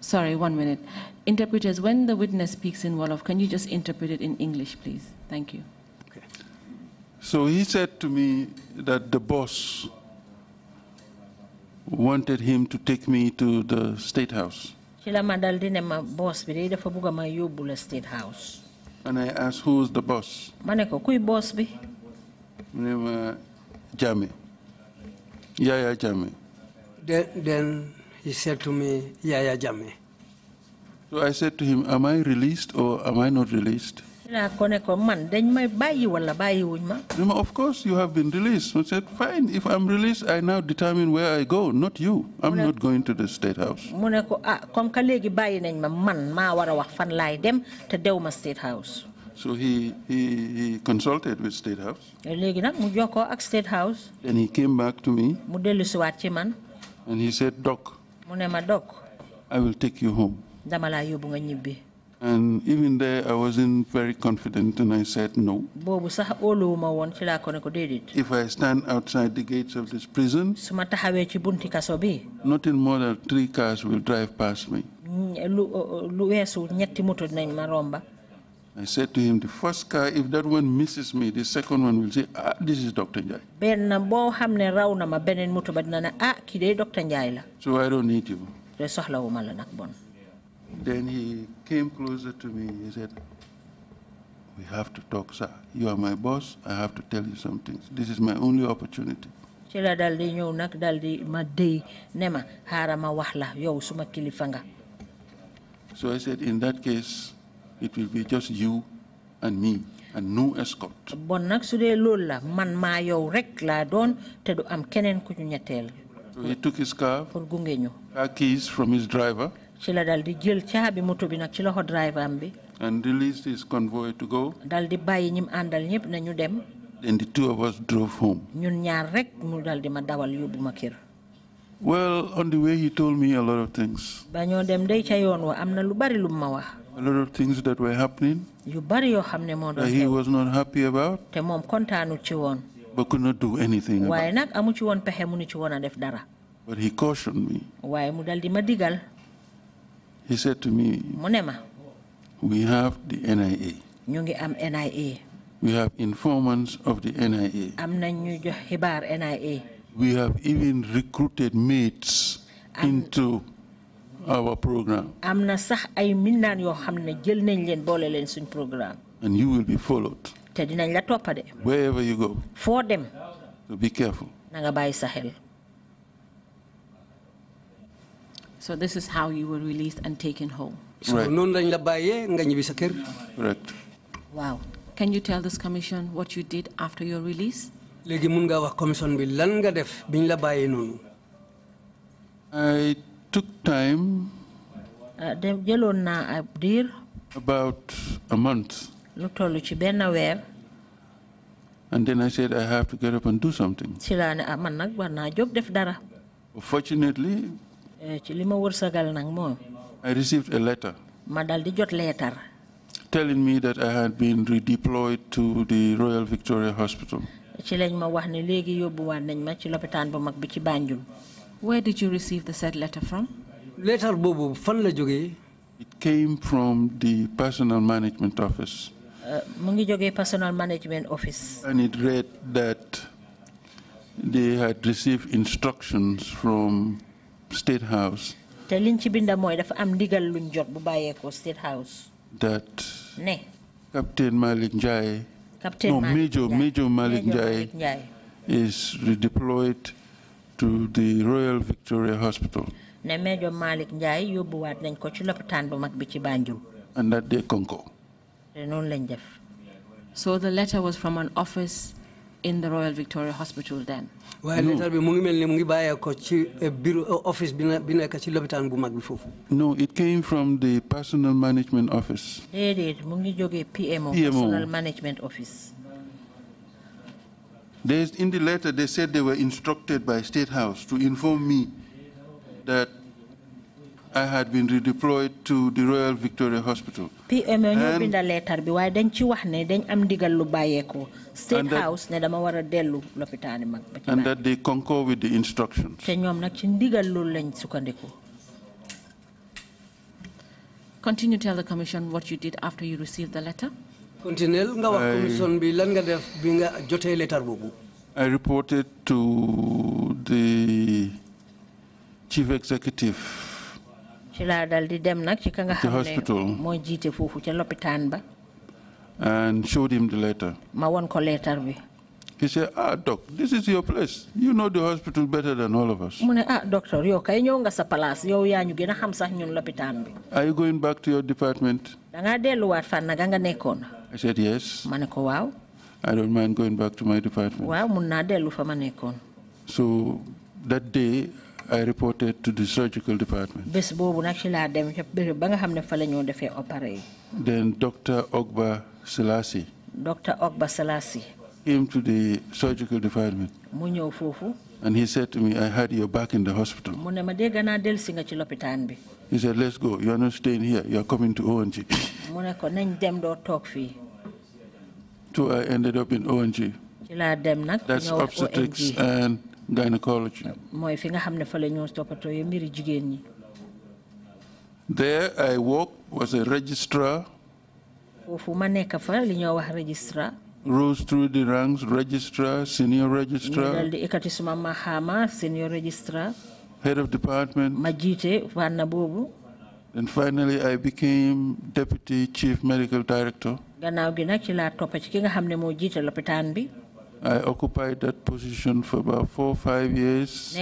Sorry, one minute. Interpreters, when the witness speaks in Wolof, can you just interpret it in English, please? Thank you. So he said to me that the boss wanted him to take me to the state house. And I asked, who is the boss? Maneko, boss bi? Name Jami. Yaya Jami. Then, then he said to me, Yaya Jami. So I said to him, am I released or am I not released? Of course, you have been released. I said, fine, if I'm released, I now determine where I go, not you. I'm not going to the state house. So he, he, he consulted with State House. Then he came back to me. And he said, Doc, I will take you home. And even there, I wasn't very confident, and I said no. If I stand outside the gates of this prison, nothing more than three cars will drive past me. Mm, eh, I said to him, The first car, if that one misses me, the second one will say, Ah, this is Dr. Jai. Ah, so I don't need you. Then he came closer to me. He said, we have to talk, sir. You are my boss. I have to tell you some things. This is my only opportunity. ci la dal di ñëw nag dal di ma déy ne ma wax la yow suma kilifa nga. so I said in that case it will be just you and me and no escort. bon nag su dee loolu la man maa yow rek laa doon te du am keneen ku ñu ñetteel. so he took his car. pour gunge ñu. car keys from his driver. ci la daal di jël caabi moto bi nag ci loxo drive am bi. and released his convoy to go. daal di bàyyi ñim àndal ñëpp na dem. and the two of us drove home. ñun ñaar rek mu daal di ma dawal yóbbu ma kër. well on the way he told me a lot of things. ba dem day ca yoon wa am na lu bari lu ma wax. a lot of things that were happening. yu bari yoo xam ne moo doon. that he was not happy about. te moom kontaanu ci woon. but could not do anything. waaye nag amu ci woon pexe mu ni ci woon a def dara. but he cautioned me. waaye mu daal di ma digal. He said to me, Munema, we have the NIA. am NIA. We have informants of the NIA. Am NIA. We have even recruited mates am, into our program. ay jël nañ leen leen suñ programme. And you will be followed. Te dinañ la Wherever you go. for them. So be careful. nga sa So this is how you were released and taken home. right. right. Wow. Can you tell this commission what you did after your release? commission I took time. Ah, dem jëloon naa ab diir. about a month. and then I said I have to get up and do something. ne ah, fortunately. Eh, ci I received a letter. ma dal di jot telling me that I had been redeployed to the Royal Victoria Hospital. ci lañ ma wax nañ ma ci bu mag bi ci Banjul. Where did you receive the said letter from? Letter boobu fan la It came from the personal management office. Eh, mu ngi personal management office. And it read that they had received instructions from State House. am State House. that. ne. Captain Malik Njai. Captain no, Malik Major, Njai. Major Malik Njai, is redeployed to the Royal Victoria Hospital. ne Major Malik Njai yóbbuwaat and that they concur. So the letter was from an office in the Royal Victoria Hospital then? Well, leetar eh, eh, no it came from the personal management office. déedéet mu ngi jógee PMO. personal management office. There's, in the letter, they said they were instructed by State House to inform me that I had been redeployed to the Royal Victoria Hospital. PMO ñoo binda leetar bi waaye dañ ci wax ne dañ am ndigal lu bàyyeekoo. State House ne dama war Delu, dellu lopitaani mag. And that they concur with the instructions. te ñoom nag ci ndigal loolu lañ sukkandiku. Continue to tell the commission what you did after you received the letter. Continue. nga wax commission bi lan nga def bi nga jotee leetar boobu. I reported to the chief executive ci laa dal di dem nag ci ka nga xam ne moo jiite foofu ca ba. and showed him the letter. ma won ko leetar bi. He said, ah, doc, this is your place. You know the hospital better than all of us. Mu ne, ah, doctor, yow kay ñëw nga sa place. Yow yaa ñu gën a xam sax ñun lopitaan bi. Are you going back to your department? Da ngaa delluwaat fan nga nga nekkoon. I said, yes. Ma ne ko waaw. I don't mind going back to my department. Waaw, mun naa dellu fa ma nekkoon. So that day I reported to the surgical department. dem then doctor Ogba Selassie. doctor Ogba Selassie. came to the surgical department. and he said to me I had your back in the hospital. he said let's go you are not staying here you are coming to ONG. mu ne ko nañ dem so I ended up in ONG. that's obstetrics and gynecology. There I worked was a registrar. rose through the ranks, registrar, senior registrar. Head of department. ma And finally, I became deputy chief medical director. I occupied that position for about four or five years.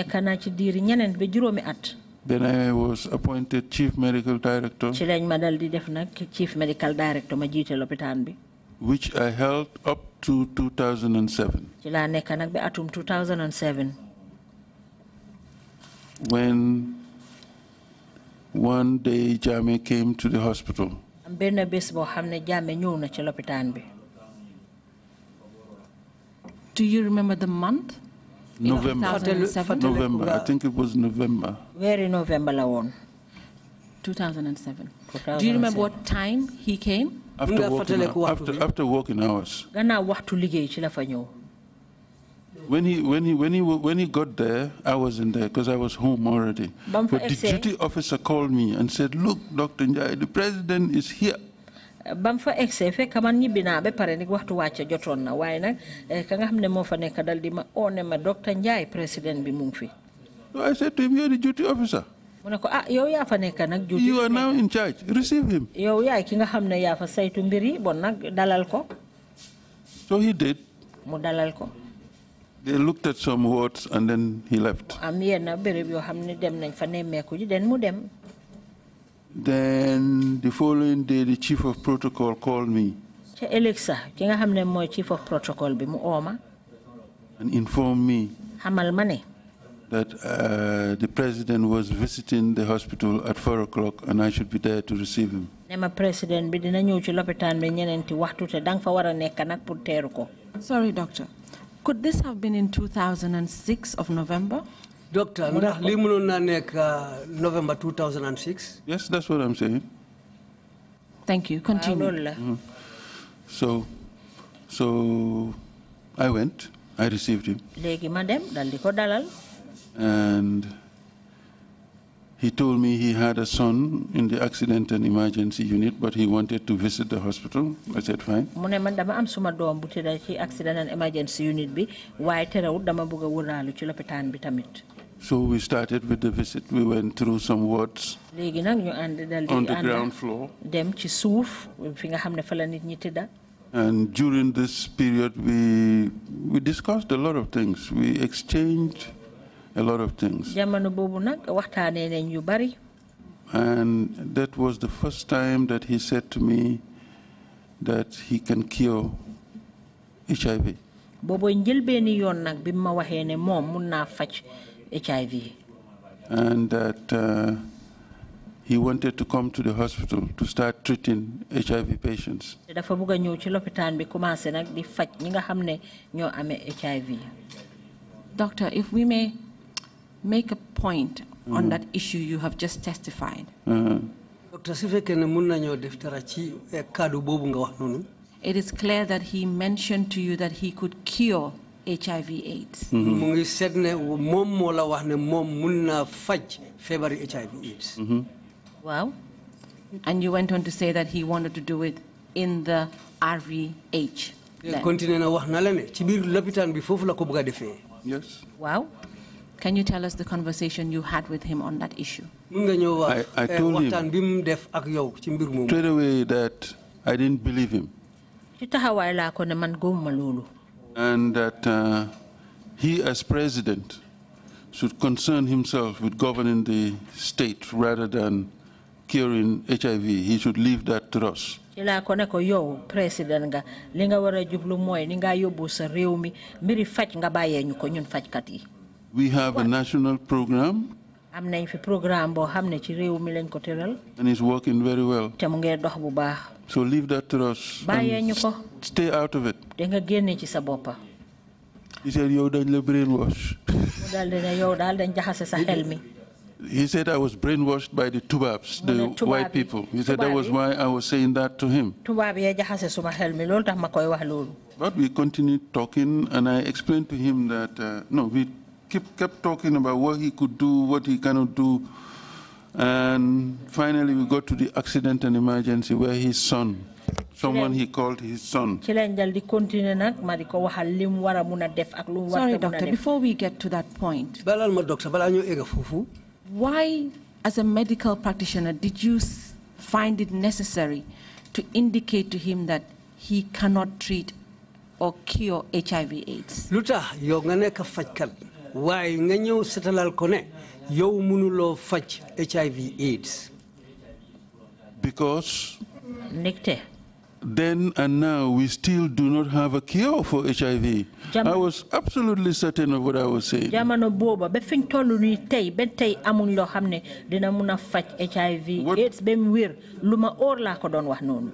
Then I was appointed chief medical director. chief medical director which I held up to 2007. When one day Jamie came to the hospital. Do you remember the month? November. November. I think it was November. Where in November la woon. 2007. Do you remember what time he came? After working, after, after working hours. When he, when, he, when, he, when he got there, I wasn't there because I was home already. But the duty officer called me and said, Look, Dr. Njai, the president is here bam fa egsee fekk man ñibbi pare nag waxtu wàcce jotoon na waaye eh, ka nga fa nekk dal di ma oh, ma docteur Ndiaye président bi mu fi. I said to him you are the duty officer. mu ah yow yaa fa duty you are now in charge receive him. yow ki nga fa saytu bon dalal ko. so he did. mu dalal ko. They looked at some words and then he left. am yenn béréb yoo xam ne dem nañ fa nemmeeku ji den mu dem. Then the following day, the chief of protocol called me. ca ëllëg sax ki nga chief of protocol bi mu and informed me. xamal ma that uh, the president was visiting the hospital at four o'clock and I should be there to receive him. ne président bi dina ñëw ci lopitaan te danga fa war a sorry doctor could this have been in 2006 of November. Doctor, ndax li mënoon naa November 2006. Yes, that's what I'm saying. Thank you. Continue. Mm. So, so I went. I received him. Legi madam daldi ko dalal. And he told me he had a son in the accident and emergency unit, but he wanted to visit the hospital. I said, fine. Mune man am suma doom bu tëdda accident and emergency unit bi, waaye terewut dama buga a wëralu ci lopitaan bi so we started with the visit. We went through some wards on the ground floor. And during this period, we, we discussed a lot of things. We exchanged a lot of things. And that was the first time that he said to me that he can cure HIV. HIV. And that uh, he wanted to come to the hospital to start treating HIV patients. Doctor, if we may make a point mm -hmm. on that issue you have just testified. Uh-huh. Doctor, su fekkee eh, It is clear that he mentioned to you that he could cure HIV AIDS. Mm-hmm. mu ngi seet ne moom HIV AIDS. Mm-hmm. and you went on to say that he wanted to do it in the RVH. continue yes. Wow. Can you tell us the conversation you had with him on that issue? I, I eh, told him straight away that I didn't believe him and that uh, he as president should concern himself with governing the state rather than curing HIV. He should leave that to us. ila président nga jublu sa nga ñu ko ñun yi we have a national program am nañ fi programme bo xam ci lañ ko tëral and it's working very well te mu dox bu baax so leave that to us. And stay out of it. He said, yow dañ la brainwash. he said I was brainwashed by the tubabs, the white people. He said that was why I was saying that to him. But we continued talking, and I explained to him that, uh, no, we kept talking about what he could do, what he cannot do, and finally, we got to the accident and emergency where his son, someone he called his son. Sorry, doctor, before we get to that point, why, as a medical practitioner, did you find it necessary to indicate to him that he cannot treat or cure HIV/AIDS? yow mënuloo faj HIV AIDS. because. ndekte. then and now we still do not have a cure for HIV. I was absolutely certain of what I was saying. Jamano boba be fiñ tollu ni tay ben tay amuñ lo xamne dina mëna fajj HIV AIDS bem wir luma or la ko don wax nonu.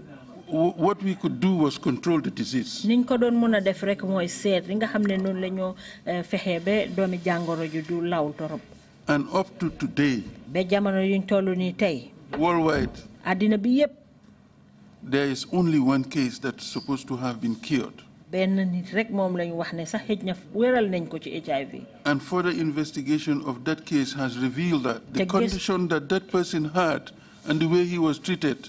What we could do was control the disease. Niñ ko don mëna def rek moy seet li nga xamne non lañu eh, fexé be doomi jangoro ju du law torop and up to today worldwide there is only one case that's supposed to have been cured and further investigation of that case has revealed that the condition that that person had and the way he was treated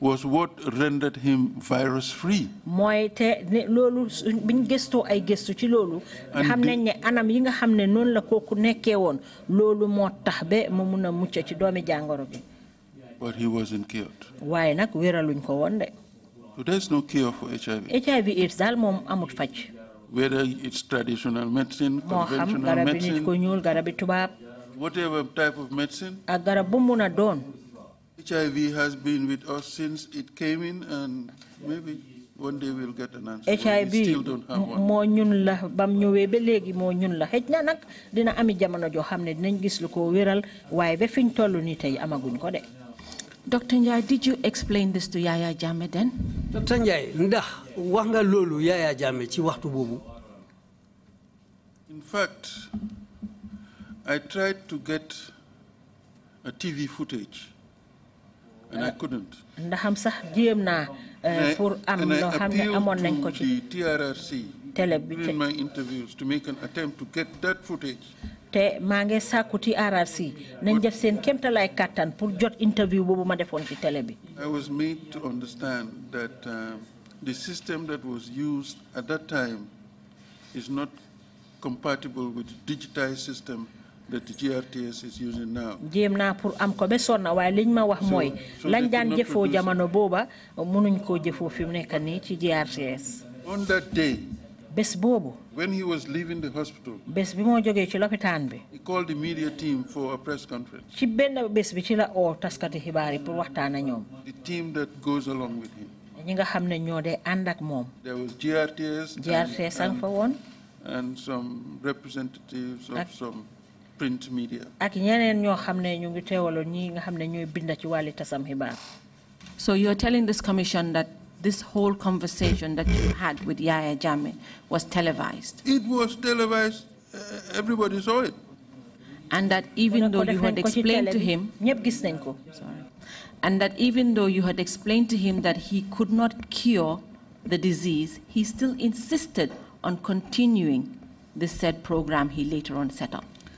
was what rendered him virus free. mooy te ne loolu biñ gëstoo ay gëstu ci loolu. xam nañ ne anam yi nga xam ne noonu la kooku nekkee woon loolu moo tax ba mu mun a mucc ci doomi jàngoro bi. but he wasn't cured. waaye nag wéraluñ ko woon de. so there is no cure for HIV. HIV AIDS daal moom amut faj. whether it's traditional medicine. conventional medicine moo xam nit ñuul tubaab. whatever type of medicine. ak garab bu mun a doon. HIV has been with us since it came in, and maybe one day we'll get an answer. HIV moo ñun la bam ñëwee ba léegi moo ñun la xëj na nag dina ami jamono jo xam ne dinañ gis lu ko wéral waaye ba fiñ toll nii tey amaguñ ko de. Dr. Njai, did you explain this to Yaya Jammeh then? Dr. Njai, ndax wax nga loolu Yaya Jammeh ci waxtu boobu. In fact, I tried to get a TV footage and I couldn't. Euh, and I jéem to the TRRC. loo during my interviews to make an attempt to get that footage. te maa ngi sàkku ci RRC nañ def seen kéemtalaay kàttan pour jot interview boobu ma defoon ci télé bi. I was made to understand that um, the system that was used at that time is not compatible with the digitized system that the GRTS is using now. jéem naa pour am ko ba sonna waaye ma wax mooy. lañ daan jëfoo jamono booba mënuñ koo jëfoo fi mu GRTS. on that day. bés boobu. when he was leaving the hospital. bés bi moo jógee ci lopitaan he called the media team for a press conference. ci benn bés bi ci taskati xibaar yi pour waxtaan ak the team that goes along with him. ñi nga xam ñoo dee ànd ak moom. there was GRTS. GRTS and nga and some representatives of some print media. ak ñeneen ñoo xam ne ñu ngi ñi nga xam ne ñooy bind ci wàlli tasam xibaar. so you are telling this commission that this whole conversation that you had with Yaya Jammeh was televised. It was televised. Uh, everybody saw it. And that even though you had explained to him, and that even though you had explained to him that he could not cure the disease, he still insisted on continuing the said program he later on set up.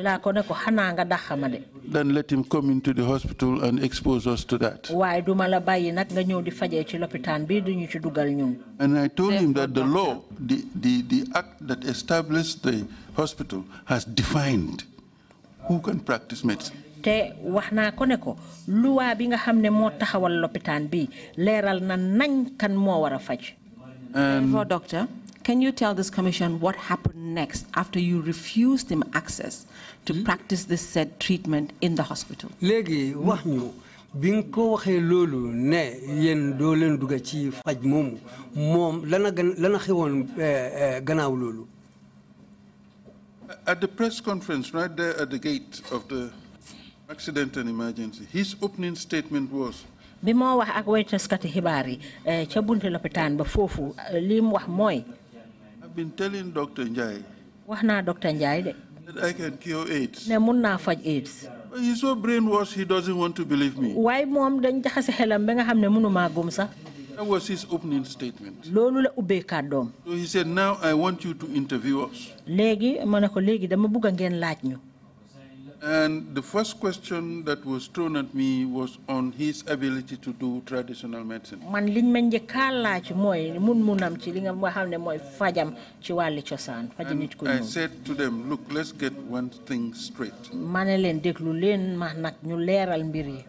Then let him come into the hospital and expose us to that. And I told him that the law, the, the, the act that established the hospital, has defined who can practice medicine. te wax naa ko ne ko luwaa bi nga xam ne taxawal bi na nañ kan can you tell this commission what happened next after you refused him access to hmm? practice this said treatment in the hospital? ne ci faj lana lana eh, eh, At the press conference, right there at the gate of the accident and emergency, his opening statement was. wax ak eh, ba wax been telling Dr. Njai. wax naa Dr. Njai de. mun naa faj AIDS. but he's so brainwashed waaye moom dañ jaxase xelam ba nga xam ne mënumaa gëm sax. That was loolu la ubbee kàddoom. so he said now I want you to interview léegi ma ne ko léegi dama bugg a ngeen laaj ñu. And the first question that was thrown at me was on his ability to do traditional medicine. man mun munam ci li nga fajam ci wàlli faji nit I said to them look let's get one thing straight. déglu ma ñu mbir yi.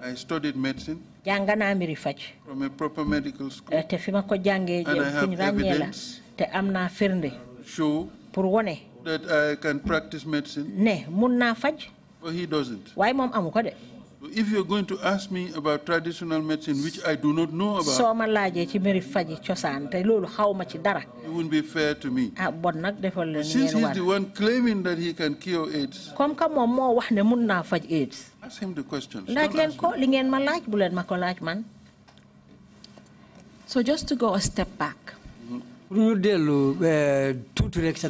I studied medicine. mbiri from a proper medical school. Eh, te fi ma ko and I have evidence te show pour wone. That I can practice medicine? ne mun naa faj. But he doesn't. Why, Mom? amu kade? If you're going to ask me about traditional medicine, which I do not know about, So ma laajee ci mbiri faji cosaan te loolu xaw dara. it wouldn't be fair to me. ah bon nag defal ni Since he's the one claiming that he can cure AIDS, comme que Mom, moo wax ne mun naa faj AIDS. ask him the questions. Like do ko li ngeen ma laaj bu ma ko laaj man. So just to go a step back, mm-hmm. ñu dellu eh, sa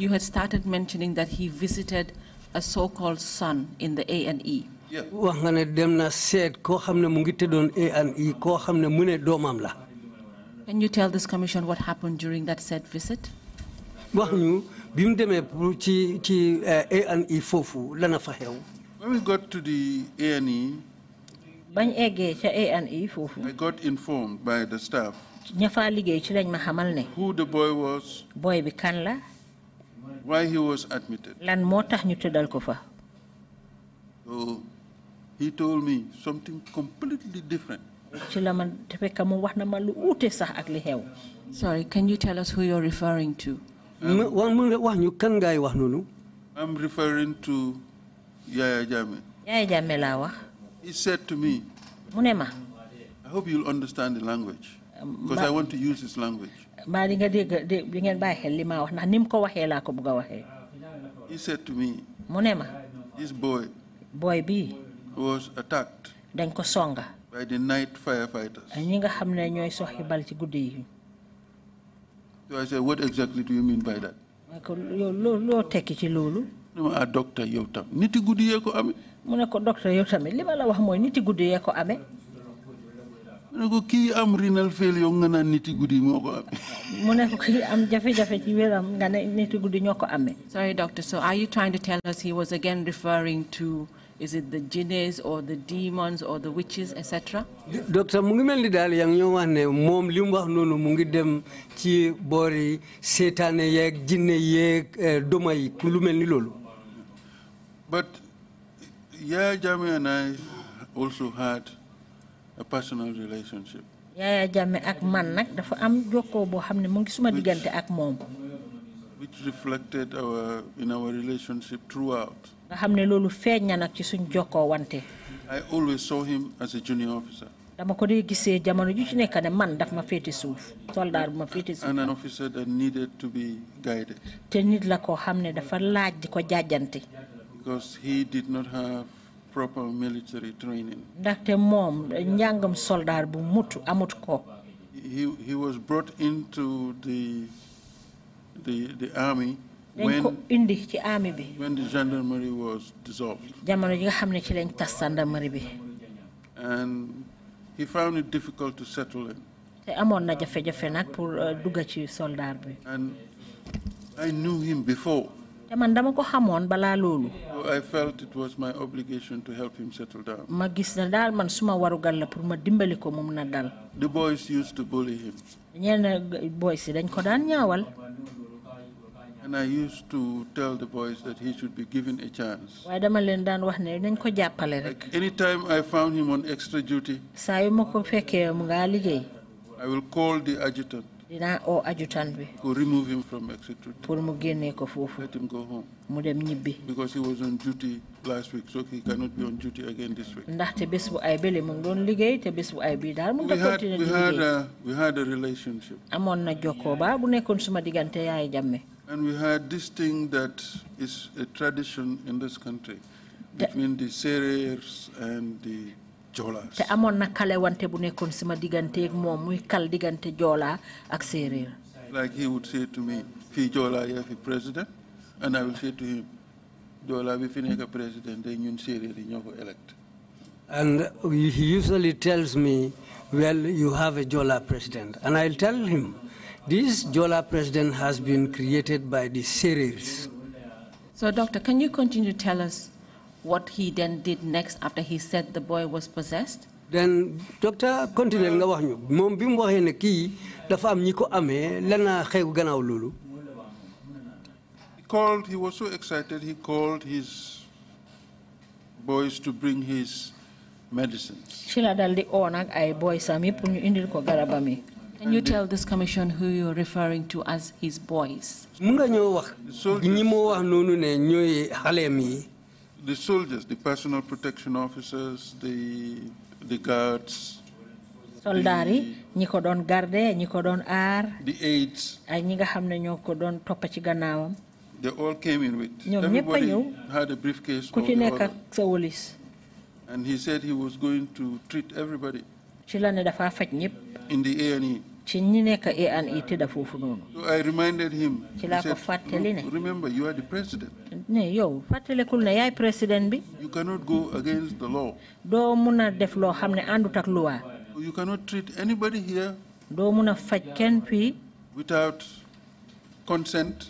you had started mentioning that he visited a so-called son in the A&E. Yeah. dem na a A&E Can you tell this commission what happened during that said visit? A&E eh, lana When we got to the A&E. e A&E I got informed by the staff. who the boy was. boy bikanla why he was admitted. lan moo tax ñu tëddal ko fa. so he told me something completely different. ci la ma fekk mu wax na ma lu uute sax ak li xew. sorry can you tell us who you're referring to. mu um, wax ñu kan ngay wax noonu. I'm referring to Yaya Jammeh. Yaya Jammeh laa wax. He said to me. mu ma. I hope you'll understand the language. because I want to use his di nga dégg di ngeen bàyyi xel li ma wax ndax ni mu ko waxee laa ko bëgg a waxee. he said mu ne ma. this boy. boy bii. was attacked. dañ ko songa. by the night ñi nga xam ne ñooy soxi bal ci guddi yi. so I said do you mean by loo tekki ci loolu. ne ma ah docteur yow tam niti guddi yee ko amee. mu ne ko docteur yow tamit li ma la wax mooy niti guddi yee ko amee. ko am nga niti ne ko am jafe-jafe ci wéram nga ne niti sorry doctor so are you trying to tell us he was again referring to is it the jinnes or the demons or the witches etc.? Doctor, mu ngi mel ni daal yaa wax ne moom li wax noonu mu ngi dem ci jinne eh, ku lu but yeah, Jamie and I also had a personal relationship. Yaya Jammeh ak man nag dafa am jokkoo boo xam ne ngi suma diggante ak moom. which reflected our in our relationship throughout. nga xam ne loolu feeñ ci suñ jokkoo wante. I always saw him as a junior officer. dama ko dee gisee jamono ju ci nekk ne man daf ma féete suuf soldaar bu ma féete suuf. and an officer that needed to be guided. te nit la koo xam ne dafa laaj di ko jaajante. because he did not have proper military training. Doctor Mom, njàngam soldier bu Amutko. he he was brought into the the the army. when when the gendarmerie was dissolved. and he found it difficult to settle in. na euh, and I knew him before. te man dama ko xamoon balaa loolu. I felt it was my obligation to help him settle down. ma gis na daal man suma warugal la pour ma dimbali ko moom a dal. the boys used to bully him. ñenn boys dañ ko daan ñaawal. and I used to tell the should be given a chance. waaye dama leen daan wax ne nañ ko jàppale rek. anytime I found him on extra duty. saa yu ma ko fekkee mu ngaa liggéey. I will call the adjutant. adjutant bi. ko remove him from pour mu génnee ko foofu. let him go home. mu dem ñibbi. because he was on duty last week so he cannot be on duty again this week. bés bu ay bële mu ngi doon liggéey te bés bu ay bii daal mu ngi continuer di liggéey. Uh, we had a relationship. amoon na jokkoo bu nekkoon suma diggante yaay jàmme. and we had this thing that is a tradition in this country. between the Serers and the te na kale wante bu muy kal ak like he would say to me "Fi jola yaa fi président and I will say to him joolaa bi fi nekk président day ñun séeréer yi elect. and he usually tells me well you have a Jola president and I'll tell him this Jola president has been created by the Sereres. So doctor can you continue to tell us what he then did next after he said the boy was possessed? Then doctor continue nga wax ñu mom bimu waxé ne ki dafa am ñi amé lana xew gannaaw lolu He called he was so excited he called his boys to bring his medicines Shila dal di o nak ay boy sami pour ñu indil ko garabami Can you tell this commission who you're referring to as his boys? Mu nga ñoo wax ñi mo wax nonu ne ñoy xalem mi the soldiers, the personal protection officers, the, the guards. soldari, yi ñi ko doon garde ñi ko doon aar. the aides. ak ñi nga xam ne ñoo ko doon ci gannaawam. they all came in with. ñoom ñëpp ñëw everybody had a briefcase. ku ci nekk ak sa wolis. and he said he was going to treat everybody. ci la ne dafa faj ñëpp. in the A&E. ci ñi nekk ANET dafoofu noonu. so I ci laa ko fàttali ne. ne yow fàttalekul ne yaay président bi. you cannot doo mun a def loo xam ne àndut ak loi. you cannot doo mun a faj kenn fii. without consent.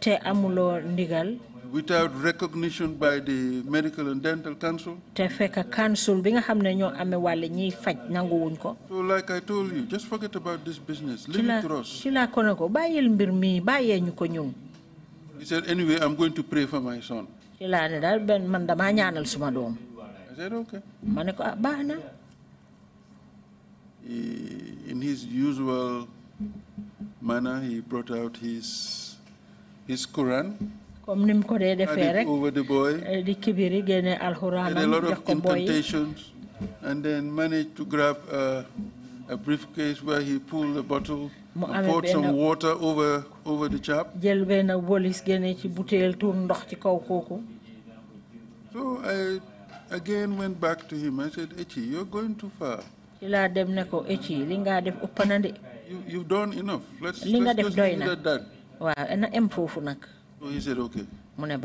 te amuloo ndigal. without recognition by the medical and dental council. te council bi nga xam ñoo amee wàll ñiy faj nanguwuñ ko. so like I told you just forget about this business. leave it to us. ci laa ko ne ko bàyyil mbir mi bàyyee ñu ko ñun. he said anyway I'm going to pray for my son. ci laa ne daal benn man damaa ñaanal suma doom. I said okay. ma ko ah in his usual manner he brought out his his Quran comme nim ko dee defee rek eh, di kibiri génne alxuraanam jox ko boy and then managed to grab a, a briefcase where he pulled a bottle and poured some water over over the chap. jël benn bolis génne ci butéel tuur ndox ci kaw kooku. so I again went back to him I said Echi you're going too far. ci laa dem ne ko Echi li nga def ëpp de. you you've done enough. let's let's just leave it waaw na em foofu nag. So oh, he said, okay. mu ne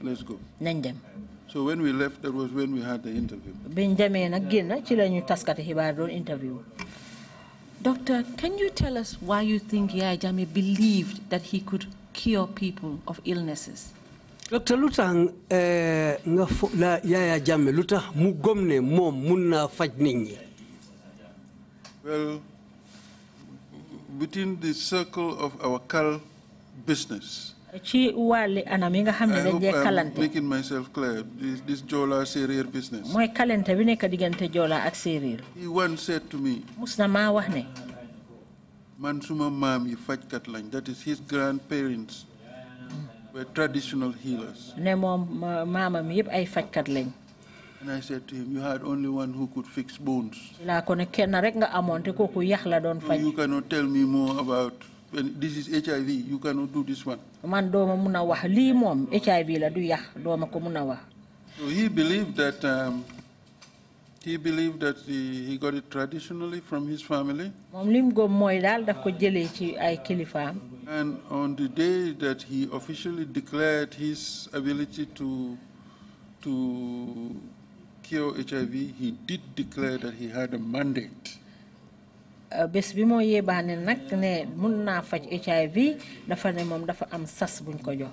let's go. nañ so when we left that was when we had the interview. Benjamin again, I génn ci la ñu taskati xibaar doon interview. Doctor, can you tell us why you think Yaya Jammeh believed that he could cure people of illnesses? Doctor Lutang, eh, nga la Yahya Jammeh lutax mu mom Well, within the circle of our CAL business, ci wàlli anam yi nga xam ne dañ dee kalante making myself clear this this Jola Seereer business mooy kalante bi nekk diggante Jola ak Seereer he once said to me mus na maa wax ne man suma maam yi fajkat lañ that is his grandparents were traditional healers ne moom maamam yëpp ay fajkat lañ And I said to him, you had only one who could fix bones. So you cannot tell me more about this is HIV, you cannot do this one. Man doma muna wax li mom HIV la du yax doma ko muna wax. So he believed that um, he believed that he, he got it traditionally from his family. Mom lim go moy dal daf ko jele ci ay kilifam. And on the day that he officially declared his ability to to cure HIV, he did declare that he had a mandate bés bi moo yéebaa ne ne mun naa faj HIV dafa ne moom dafa am sas buñ ko jox.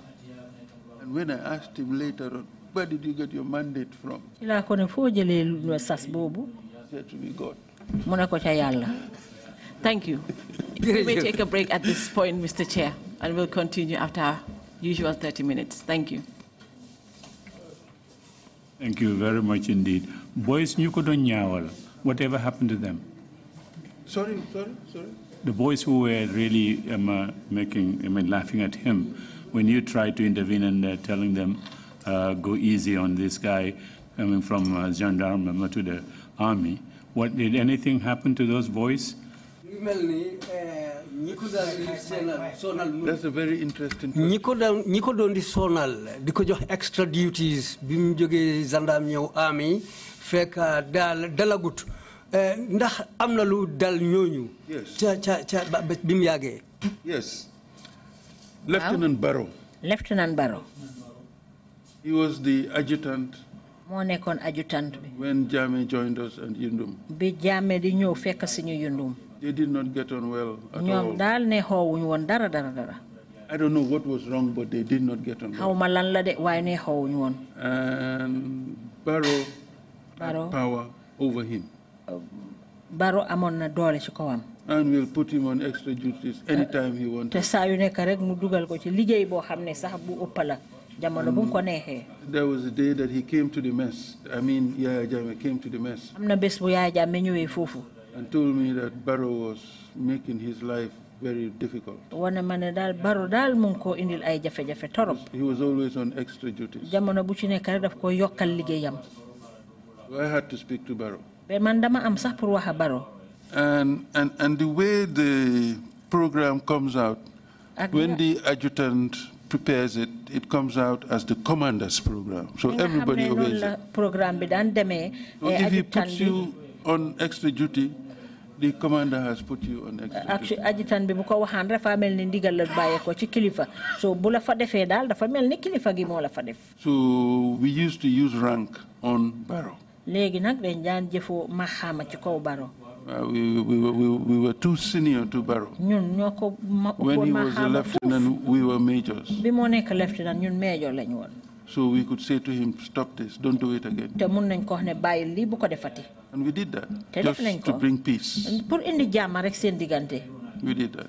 and when I asked him later on where did you get your mandate from. ci laa ko ne foo jëlee sas boobu. said to me God. mu ne ko ca yàlla. Thank you. we may take a break at this point, Mr. Chair, and we'll continue after our usual 30 minutes. Thank you. Thank you very much indeed. Boys, nuko don doon ñaawal. Whatever happened to them? Sorry, sorry, sorry. The boys who were really um, uh, making, I mean, laughing at him, when you tried to intervene and uh, telling them, uh, go easy on this guy coming from uh, gendarme um, to the army, what did anything happen to those boys? Uh, That's a very interesting ñi ko doon di sonal di ko extra duties bi mu jógee gendarme army fekk uh, daal dalagut Eh, ndax lu dal ñooñu. ca ca ca bi mu yàggee. yes. Lieutenant Barrow. Lieutenant Barrow. He was the adjutant. moo nekkoon adjutant bi. when Jammeh joined us and Yundum. bi Jammeh di ñëw fekk si Yundum. they did not get on well at all. ñoom daal ne xoowuñu woon dara dara dara. I don't know what was wrong, but they did not get on well. and Barrow. Barrow had power over him. Baro amon na doole ci kawam. and will put him on extra duties anytime he wants. te sa yu nek rek mu dugal ko ci liggéey bo xamne sax bu uppala jamono bu ko nexe there was a day that he came to the mess I mean Yaya Jammeh came to the mess. amna bes bu Yaya Jammeh ñewé fofu and told me that baro was making his life very difficult. wona ma dal baro dal mu ko indil ay jafé jafé torop. he was always on extra duties. jamono bu ci nek rek daf ko yokkal liggéeyam. I had to speak to baro And, and, and the way the program comes out, when the adjutant prepares it, it comes out as the commander's program. So everybody obeys program it. So eh, if he puts you on extra duty, the commander has put you on extra. executive. adjutant bi bu ko waxaan rek dafa mel ni ndigal la bàyyee ko ci kilifa so bu la fa defee daal dafa mel kilifa gi moo la fa def. so we used to use rank on barrow dañ ci kaw baro. Uh, we, we, we, we were too senior to Barrow. When he was a lieutenant, we were majors. So we could say to him, stop this, don't do it again. And we did that, just to bring peace. We did that.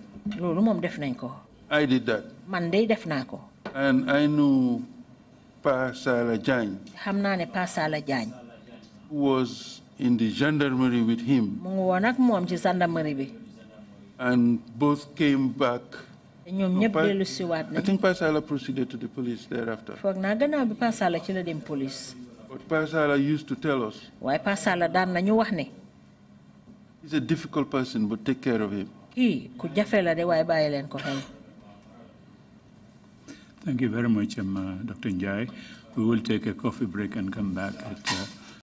I did that. And I knew Pa Sala Jane was in the gendarmerie with him. and both came back. ñoom ñëpp I think Pasala proceeded to the police thereafter. bi Pasala police. But Pasala used to tell us. waaye Pasala dan nañu wax ne. he's a difficult person but take care of him. la de Thank you very much, um, uh, Dr. Njai. We will take a coffee break and come back at uh,